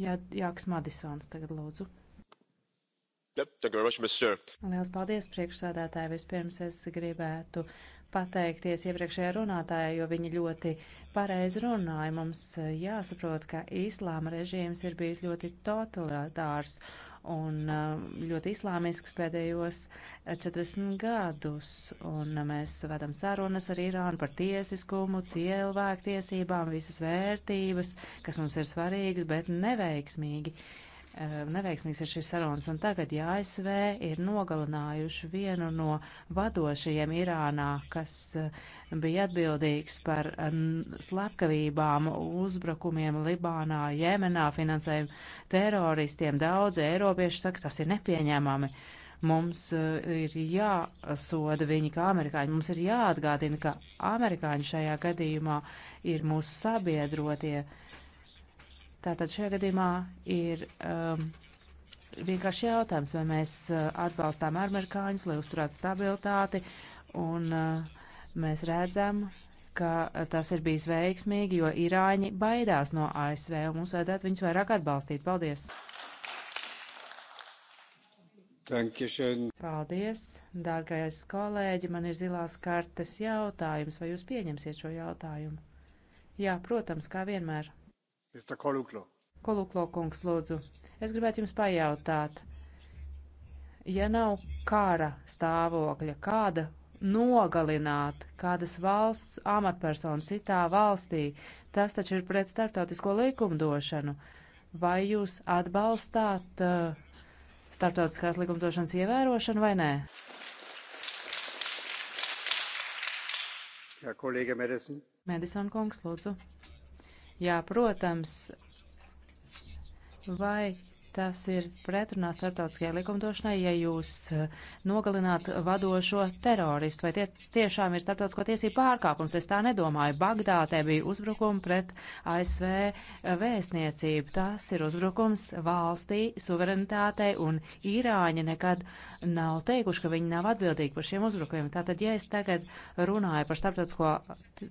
S1: Jā, Jāks Madisons tagad lūdzu.
S2: Lielas
S1: paldies, priekšsādātāji. Vispirms es gribētu pateikties iepriekšējā runātājā, jo viņi ļoti pareizi runāja. Mums eh, jāsaprot, ka islāma režīms ir bijis ļoti totalitārs un eh, ļoti islāmisks pēdējos 40 eh, gadus. Un mēs vedam sarunas ar Irānu par tiesiskumu, cilvēktiesībām, visas vērtības, kas mums ir svarīgas, bet neveiksmīgi. Uh, Eh, neveiksmīgs ir šis sarunas, un tagad, ja ASV ir nogalinājuši vienu no vadošajiem Irānā, kas eh, bija atbildīgs par eh, slepkavībām, uzbrukumiem Libānā, Jemenā, finansējumu teroristiem, daudzi eiropieši saka, tas ir nepieņēmami. Mums ir jāsoda viņi kā amerikāņi. Mums ir jāatgādina, ka amerikāņi šajā gadījumā ir mūsu sabiedrotie. Uh, Tātad šajā gadījumā ir um, vienkārši jautājums, vai mēs uh, atbalstām amerikāņus, lai uzturētu stabilitāti, un uh, mēs redzam, ka uh, tas ir bijis veiksmīgi, jo Irāņi baidās no ASV, un mums vajadzētu viņus vairāk atbalstīt. Paldies!
S2: Dankeschön.
S1: Paldies, dārgais kolēģi, man ir zilās kartes jautājums, vai jūs pieņemsiet šo jautājumu? Jā, protams, kā vienmēr. Koluklo. Koluklo kungs, lūdzu, es gribētu jums pajautāt, ja nav kara stāvokļa, kāda nogalināt kādas valsts amatpersonu citā valstī, tas taču ir pret starptautisko likumdošanu. Vai jūs atbalstāt uh, starptautiskās likumdošanas ievērošanu vai nē? Jā, kolēģa Medison. Medison kungs, lūdzu. Jā, protams, vai tas ir pretrunā starptautiskajai likumdošanai, ja jūs eh, nogalināt vadošo teroristu, vai tie tiešām ir starptautisko tiesību pārkāpums, es tā nedomāju. Bagdātē bija uzbrukumi pret ASV eh, vēstniecību, tas ir uzbrukums valstī, suverenitātei, un Irāņi nekad nav teikuši, ka viņi nav atbildīgi par šiem uzbrukumiem. Tātad, ja es tagad runāju par starptautisko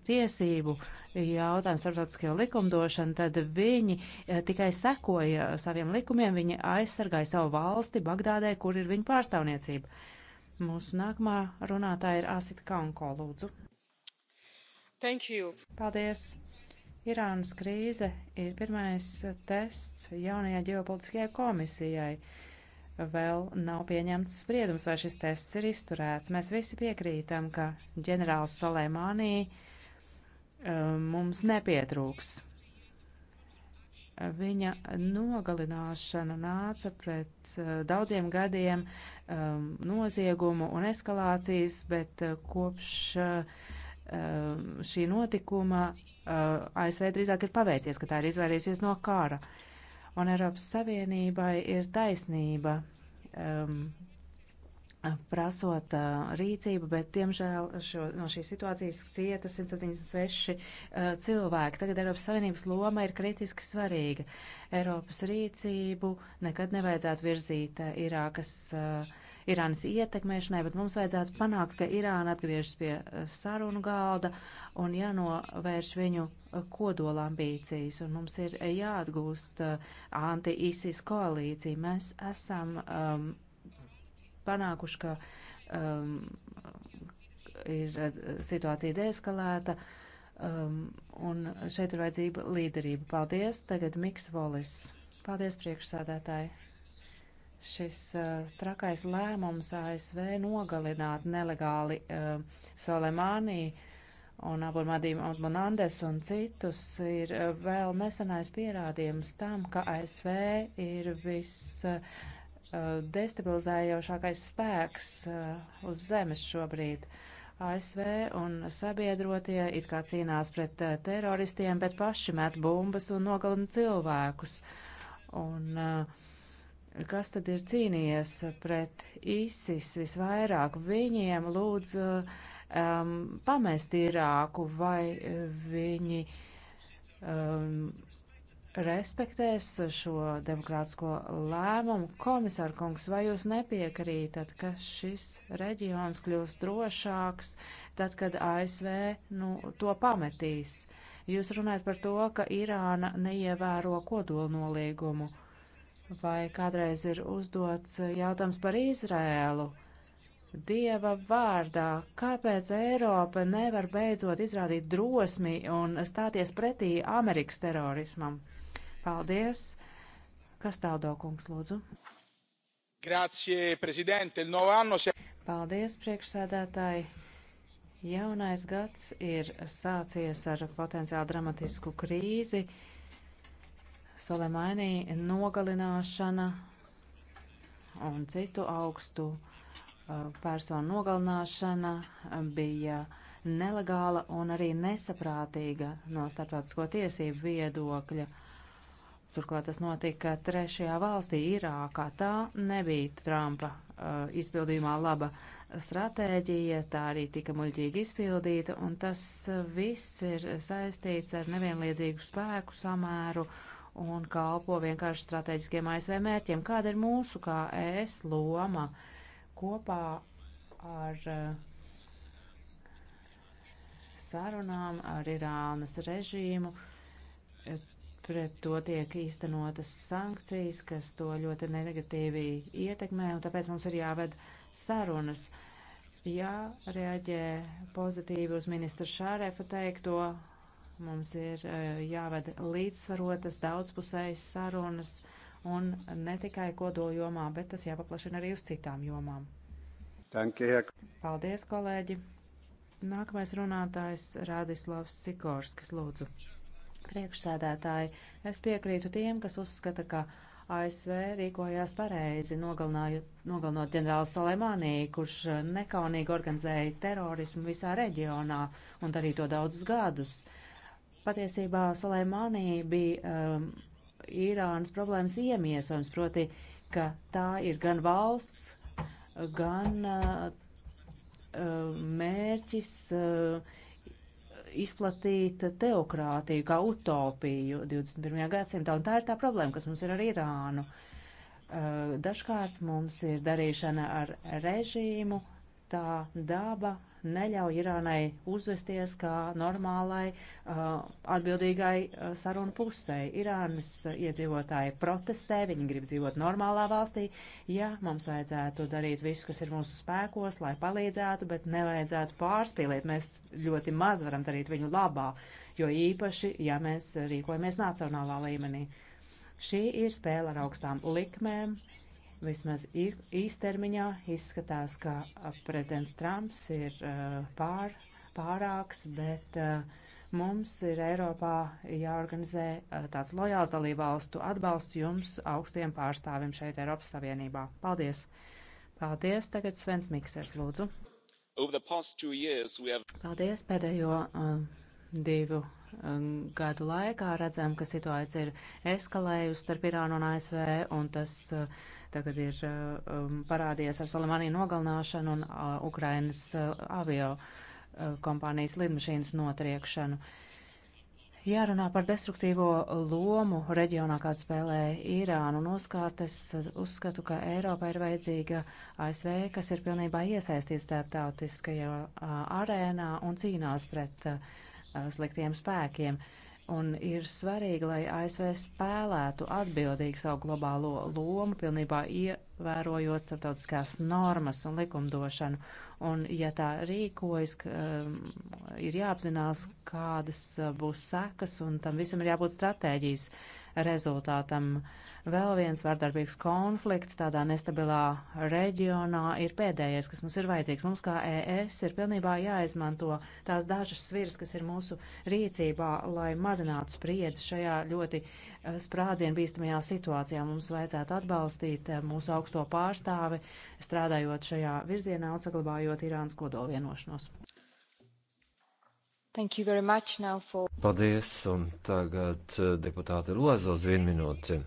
S1: tiesību jautājumu, starptautiskajā likumdošanu, tad viņi eh, tikai sekoja saviem likumiem, viņi aizsargāja savu valsti Bagdādē, kur ir viņa pārstāvniecība. Mūsu nākamā runātāja ir Asita Kanko, lūdzu. Thank you. Paldies. Irānas krīze ir pirmais tests jaunajai ģeopolitiskajai komisijai. Uh, vēl nav pieņemts spriedums, vai šis tests ir izturēts. Mēs visi piekrītam, ka ģenerālis Soleimānī eh, mums nepietrūks. Viņa nogalināšana nāca pret eh, daudziem gadiem eh, noziegumu un eskalācijas, bet kopš šī notikuma ASV drīzāk ir paveicies, ka tā ir izvairījusies no kara. Uh, Un Eiropas Savienībai ir taisnība um, prasot uh, rīcību, bet, diemžēl, šo, no šīs situācijas cieta 176 uh, cilvēki. Tagad Eiropas Savienības loma ir kritiski svarīga. Eiropas rīcību nekad nevajadzētu virzīt uh, Irākas. Uh, Irānas ietekmēšanai, bet mums vajadzētu panākt, ka Irāna atgriežas pie uh, sarunu galda un jānovērš viņu kodola ambīcijas, un mums ir jāatgūst uh, anti-ISIS koalīcija. Mēs esam um, panākuši, ka um, ir uh, situācija deeskalēta, um, un šeit ir vajadzība līderība. Paldies, tagad Miks Volis. Paldies, priekšsādātāji. Šis uh, trakais lēmums ASV nogalināt nelegāli uh, Soleimāniju un Abulmadīm Abulmandes un citus ir eh, vēl nesenais pierādījums tam, ka ASV ir viss eh, destabilizējošākais spēks eh, uz zemes šobrīd. ASV un sabiedrotie it kā cīnās pret teroristiem, bet paši met bumbas un nogalina cilvēkus. Un uh, kas tad ir cīnījies pret ISIS visvairāk? Viņiem lūdzu uh, um, pamest Irāku, vai viņi um, respektēs šo demokrātisko lēmumu. Komisāra kungs, vai jūs nepiekrītat, ka šis reģions kļūs drošāks tad, kad ASV nu, to pametīs? Jūs runājat par to, ka Irāna neievēro kodolnolīgumu. Vai kādreiz ir uzdots jautājums par Izrēlu? Dieva vārdā, kāpēc Eiropa nevar beidzot izrādīt drosmi un stāties pretī Amerikas terorismam? Paldies! Kas tāldo, kungs, lūdzu?
S3: Grazie, prezidente! Il nuovo anno
S1: se... Paldies, priekšsēdētāji! Jaunais gads ir sācies ar potenciāli dramatisku krīzi. Solemainī nogalināšana un citu augstu personu nogalināšana bija nelegāla un arī nesaprātīga no starptautisko tiesību viedokļa. Turklāt tas notika trešajā valstī, Irākā. Tā nebija Trumpa uh, izpildījumā laba stratēģija, tā arī tika muļķīgi izpildīta, un tas viss ir saistīts ar nevienlīdzīgu spēku samēru un kalpo vienkārši strateģiskiem ASV mērķiem. Kāda ir mūsu kā ES loma? Uh, kopā ar eh, sarunām ar Irānas režīmu. Pret to tiek īstenotas sankcijas, kas to ļoti negatīvi ietekmē, un tāpēc mums ir jāved sarunas. Jāreaģē pozitīvi uz ministra Šārefa teikto, mums ir eh, jāved līdzsvarotas, daudzpusējas sarunas un ne tikai kodoljomā, bet tas jāpaplašina arī uz citām jomām. Danke, Paldies, kolēģi! Nākamais runātājs Rādislavs Sikorskis, lūdzu. Priekšsēdētāji, es piekrītu tiem, kas uzskata, ka ASV rīkojās pareizi, nogalinot ģenerāli Soleimānī, kurš nekaunīgi organizēja terorismu visā reģionā un darīja to daudzus gadus. Patiesībā Soleimānī bija um, Irānas problēmas iemiesojums, proti, ka tā ir gan valsts, gan uh, uh mērķis uh, izplatīt teokrātiju kā utopiju 21. gadsimtā, un tā ir tā problēma, kas mums ir ar Irānu. Uh, dažkārt mums ir darīšana ar režīmu, tā daba neļauj Irānai uzvesties kā normālai uh, atbildīgai uh, sarunu pusē. Irānas uh, iedzīvotāji protestē, viņi grib dzīvot normālā valstī. Ja mums vajadzētu darīt visu, kas ir mūsu spēkos, lai palīdzētu, bet nevajadzētu pārspīlēt, mēs ļoti maz varam darīt viņu labā, jo īpaši, ja mēs rīkojamies nacionālā līmenī. Šī ir spēle ar augstām likmēm, vismaz īstermiņā izskatās, ka prezidents Trumps ir pār, pārāks, bet mums ir Eiropā jāorganizē tāds lojāls dalībvalstu atbalsts jums augstiem pārstāvim šeit Eiropas Savienībā. Paldies! Paldies! Tagad Svens Miksers, lūdzu. Have... Paldies! Pēdējo uh, divu gadu laikā redzam, ka situācija ir eskalējusi starp Irānu un ASV, un tas uh, tagad ir um, parādījies ar Salamanī nogalināšanu un uh, Ukrainas uh, avio uh, kompānijas lidmašīnas notriekšanu. Jārunā par destruktīvo lomu reģionā, kāda spēlē Irānu noskārtes. Uh, uzskatu, ka Eiropa ir vajadzīga ASV, kas ir pilnībā iesaistīts starptautiskajā uh, arēnā un cīnās pret uh, sliktiem spēkiem. Uh, Un ir svarīgi, lai ASV spēlētu atbildīgi savu globālo lomu, pilnībā ievērojot starptautiskās normas un likumdošanu. Un, ja tā rīkojas, um, ir jāapzinās, kādas uh, būs sekas, un tam visam ir jābūt stratēģijas rezultātam. Vēl viens vardarbīgs konflikts tādā nestabilā reģionā ir pēdējais, kas mums ir vajadzīgs. Mums kā ES ir pilnībā jāizmanto tās dažas sviras, kas ir mūsu rīcībā, lai mazinātu spriedzi šajā ļoti eh, sprādzienu bīstamajā situācijā. Mums vajadzētu atbalstīt eh, mūsu augsto pārstāvi, strādājot šajā virzienā un saglabājot Irānas kodolvienošanos. For...
S2: Paldies, un tagad eh, deputāte Loza uz vienu minūti.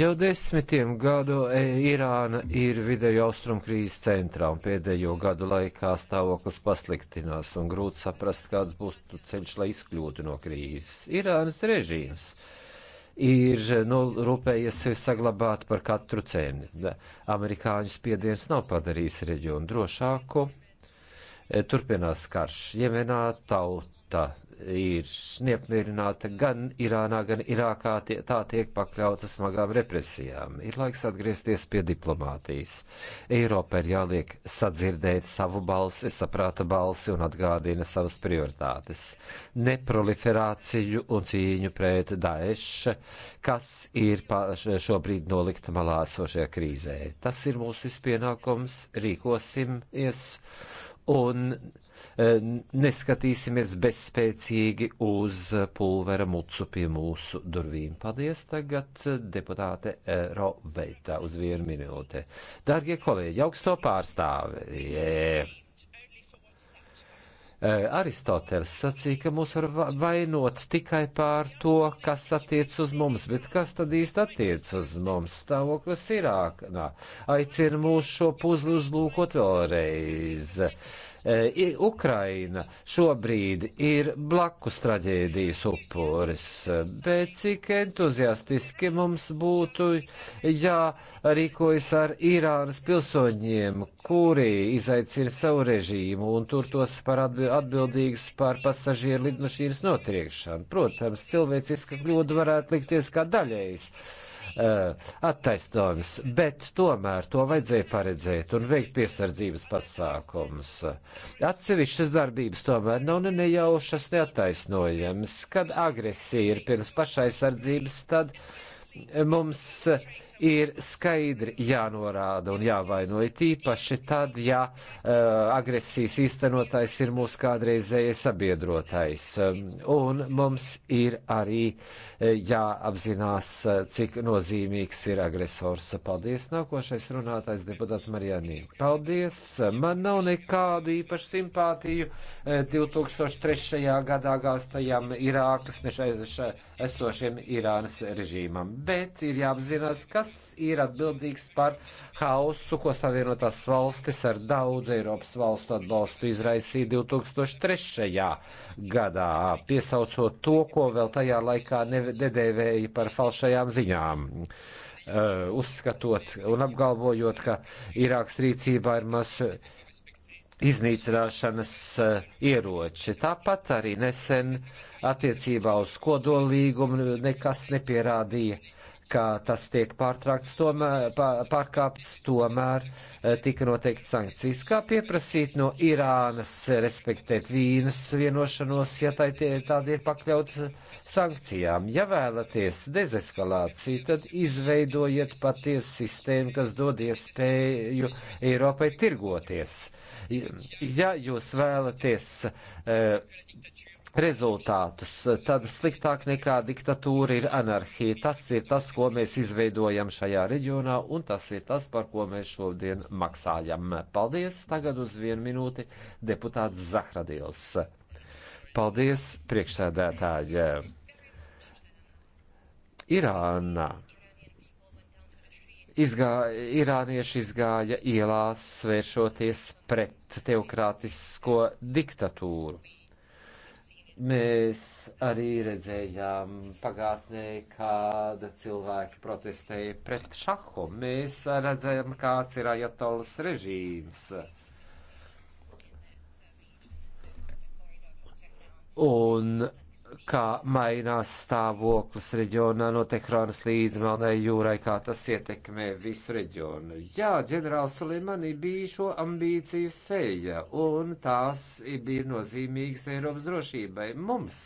S2: Jau desmitiem gadu eh, Irāna ir vidējo austrumu krīzes centrā, un pēdējo gadu laikā stāvoklis pasliktinās, un grūti saprast, kāds būs ceļš, lai izkļūtu no krīzes. Irānas režīms ir eh, nu, rūpējies sevi saglabāt par katru cenu. Amerikāņu spiediens nav padarījis reģionu drošāku E, turpinās karš Jemenā, tauta ir neapmierināta gan Irānā, gan Irākā, tie, tā tiek pakļauta smagām represijām. Ir laiks atgriezties pie diplomātijas. Eiropa ir jāliek sadzirdēt savu balsi, saprāta balsi un atgādina savas prioritātes. Neproliferāciju un cīņu pret Daesh, kas ir šobrīd nolikta malā esošajā krīzē. Tas ir mūsu vispienākums, rīkosimies un e, neskatīsimies bezspēcīgi uz pulvera mucu pie mūsu durvīm. Paldies tagad deputāte e, Roveita uz vienu minūti. Dargie kolēģi, augsto pārstāvi! Yeah. Aristoteles sacīja, ka mūs var vainot tikai pār to, kas attiec uz mums, bet kas tad īsti attiec uz mums? Stāvoklis ir āknā. Aicina mūs šo puzli uzlūkot vēlreiz. Uh, E, Ukraina šobrīd ir blakus traģēdijas upuris, bet cik entuziastiski mums būtu jārīkojas ar Irānas pilsoņiem, kuri izaicina savu režīmu un tur tos par atbildīgus par pasažieru lidmašīnas notriekšanu. Protams, cilvēciska kļūda varētu likties kā daļējs Eh, attaisnojums, bet tomēr to vajadzēja paredzēt un veikt piesardzības pasākums. Atsevišķas darbības tomēr nav ne nejaušas, ne attaisnojamas. Kad agresija ir pirms pašaizsardzības, tad. Uh, mums ir skaidri jānorāda un jāvainoja tīpaši tad, ja uh, agresijas īstenotājs ir mūsu kādreizējais sabiedrotais. Um, un mums ir arī eh, jāapzinās, eh, cik nozīmīgs ir agresors. Paldies, nākošais runātājs deputāts Marijānī. Paldies, man nav nekādu īpašu simpātiju 2003. gadā gāstajam Irākas nešai esošiem Irānas režīmam bet ir jāapzinās, kas ir atbildīgs par hausu, ko Savienotās valstis ar daudz Eiropas valstu atbalstu izraisīja 2003. gadā, piesaucot to, ko vēl tajā laikā nedēvēja par falšajām ziņām. Uh, uzskatot un apgalvojot, ka Irāks rīcībā ir mazs iznīcināšanas eh, ieroči. Tāpat arī nesen attiecībā uz kodolīgumu nekas nepierādīja ka tas tiek pārtraukts, tomēr, pārkāpts, tomēr e, tika noteikti sankcijas. Kā pieprasīt no Irānas respektēt vīnas vienošanos, ja tā tāda ir pakļauta sankcijām? Ja vēlaties dezeskalāciju, tad izveidojiet patiesu sistēmu, kas dod iespēju Eiropai tirgoties. Ja jūs vēlaties. Uh, rezultātus, tad sliktāk nekā diktatūra ir anarhija. Tas ir tas, ko mēs izveidojam šajā reģionā, un tas ir tas, par ko mēs šodien maksājam. Paldies! Tagad uz vienu minūti deputāts Zahradils. Paldies, priekšsēdētāji! Irāna. Izgā, irānieši izgāja ielās, svēršoties pret teokrātisko diktatūru. Mēs arī redzējām pagātnē, kāda cilvēki protestēja pret šahu. Mēs redzējām, kāds ir ajatolas režīms. Un kā mainās stāvoklis reģionā no Tehrānas līdz Melnai jūrai, kā tas ietekmē visu reģionu. Jā, ģenerālis Sulimani bija šo ambīciju seja, un tās bija nozīmīgas Eiropas drošībai. Mums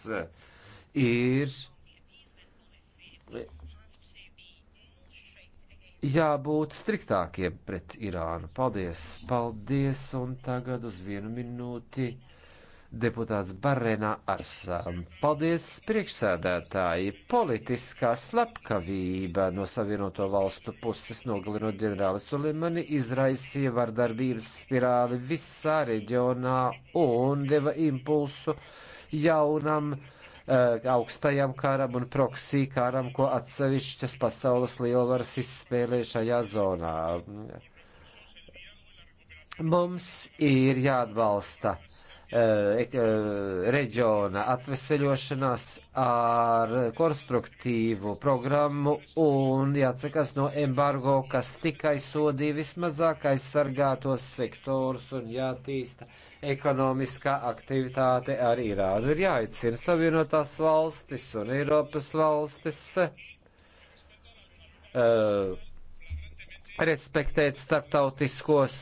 S2: ir jābūt striktākiem pret Irānu. Paldies, paldies, un tagad uz vienu minūti deputāts Barēnā Arsām. Paldies, priekšsēdētāji! Politiskā slepkavība no Savienoto valstu puses nogalinot ģenerāli Sulimani izraisīja vardarbības spirāli visā reģionā un deva impulsu jaunam uh, augstajam karam un proksī karam, ko atsevišķas pasaules lielvaras izspēlē šajā zonā. Mums ir jāatbalsta Eh, eh, reģiona atveseļošanās ar konstruktīvu programmu un jāatsakās no embargo, kas tikai sodīja vismazāk aizsargātos sektorus un jātīsta ekonomiskā aktivitāte ar Irānu. Ir jāicina Savienotās valstis un Eiropas valstis. Uh, respektēt starptautiskos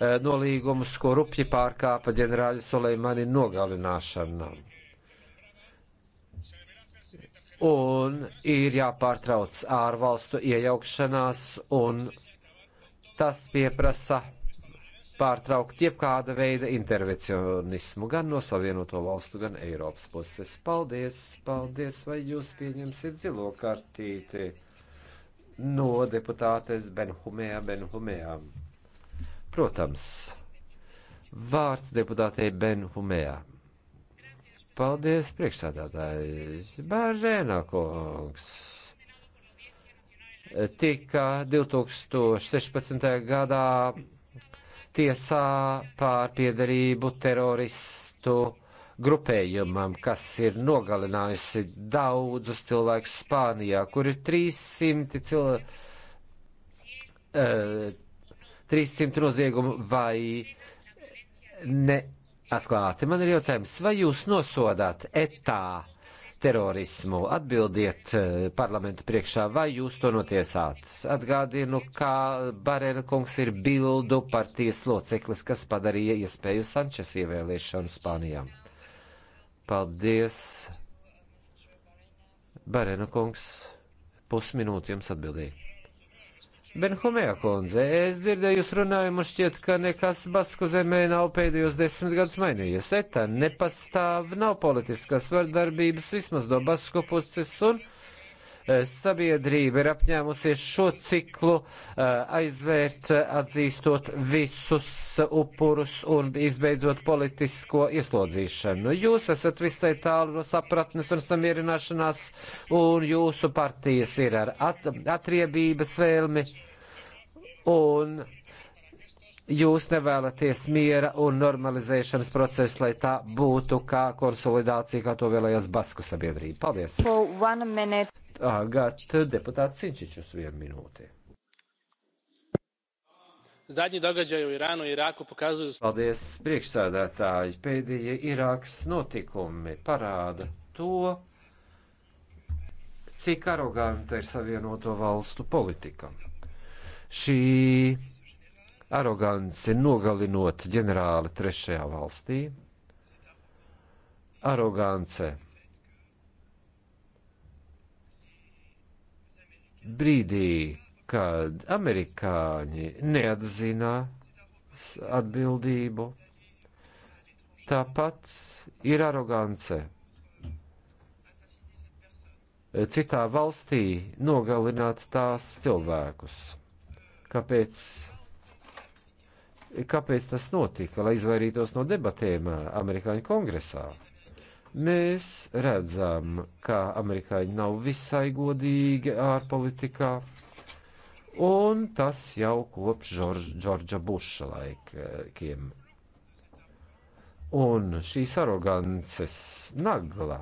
S2: Eh, nolīgumus, ko rupji pārkāpa ģenerāļa Soleimani nogalināšana. Un ir jāpārtrauc ārvalstu iejaukšanās, un tas pieprasa pārtraukt jebkāda veida intervencionismu gan no Savienoto valstu, gan Eiropas puses. Paldies, paldies, vai jūs pieņemsiet zilo kartīti no deputātes Benhumea Benhumea. Protams, vārds deputātei Ben Humejā. Paldies, priekšsādātājs. Bāržēnā kungs tika 2016. gadā tiesā pār piedarību teroristu grupējumam, kas ir nogalinājusi daudzus cilvēkus Spānijā, kur ir 300 cilvēku. Uh, 300 noziegumu vai neatklāti. Man ir jautājums, vai jūs nosodāt etā terorismu? Atbildiet eh, parlamentu priekšā, vai jūs to notiesāt? Atgādinu, kā Barēna kungs ir bildu partijas loceklis, kas padarīja iespēju Sančes ievēlēšanu Spānijā. Paldies, Barēna kungs. Pusminūte jums atbildēja. Benhumea kundze, es dzirdēju jūs runājumu, šķiet, ka nekas Basku zemē nav pēdējos desmit gadus mainījies. ETA nepastāv, nav politiskas vardarbības vismaz no Basku puses un sabiedrība ir apņēmusies šo ciklu eh, aizvērt, atzīstot visus upurus un izbeidzot politisko ieslodzīšanu. Jūs esat visai tālu no sapratnes un samierināšanās, un jūsu partijas ir ar at atriebības vēlmi. Un jūs nevēlaties miera un normalizēšanas procesu, lai tā būtu kā konsolidācija, kā to vēlējās Basku sabiedrība. Paldies! Tagad deputāts Sinčić uz vienu minūti.
S3: Zadņi događaji u Iranu i Iraku pokazuju...
S2: Paldies, priekšsēdētāji. Pēdējie Irāks notikumi parāda to, cik aroganta ir savienoto valstu politika. Šī arogance nogalinot ģenerāli trešajā valstī, arogance brīdī, kad amerikāņi neatzina atbildību, tāpat ir arogance. Citā valstī nogalināt tās cilvēkus. Kāpēc, kāpēc tas notika? Lai izvairītos no debatēm eh, Amerikāņu kongresā. Mēs redzam, ka amerikāņi nav visai godīgi ārpolitikā, un tas jau kopš Džordža Žorž, Buša laikiem. Un šīs arogances nagla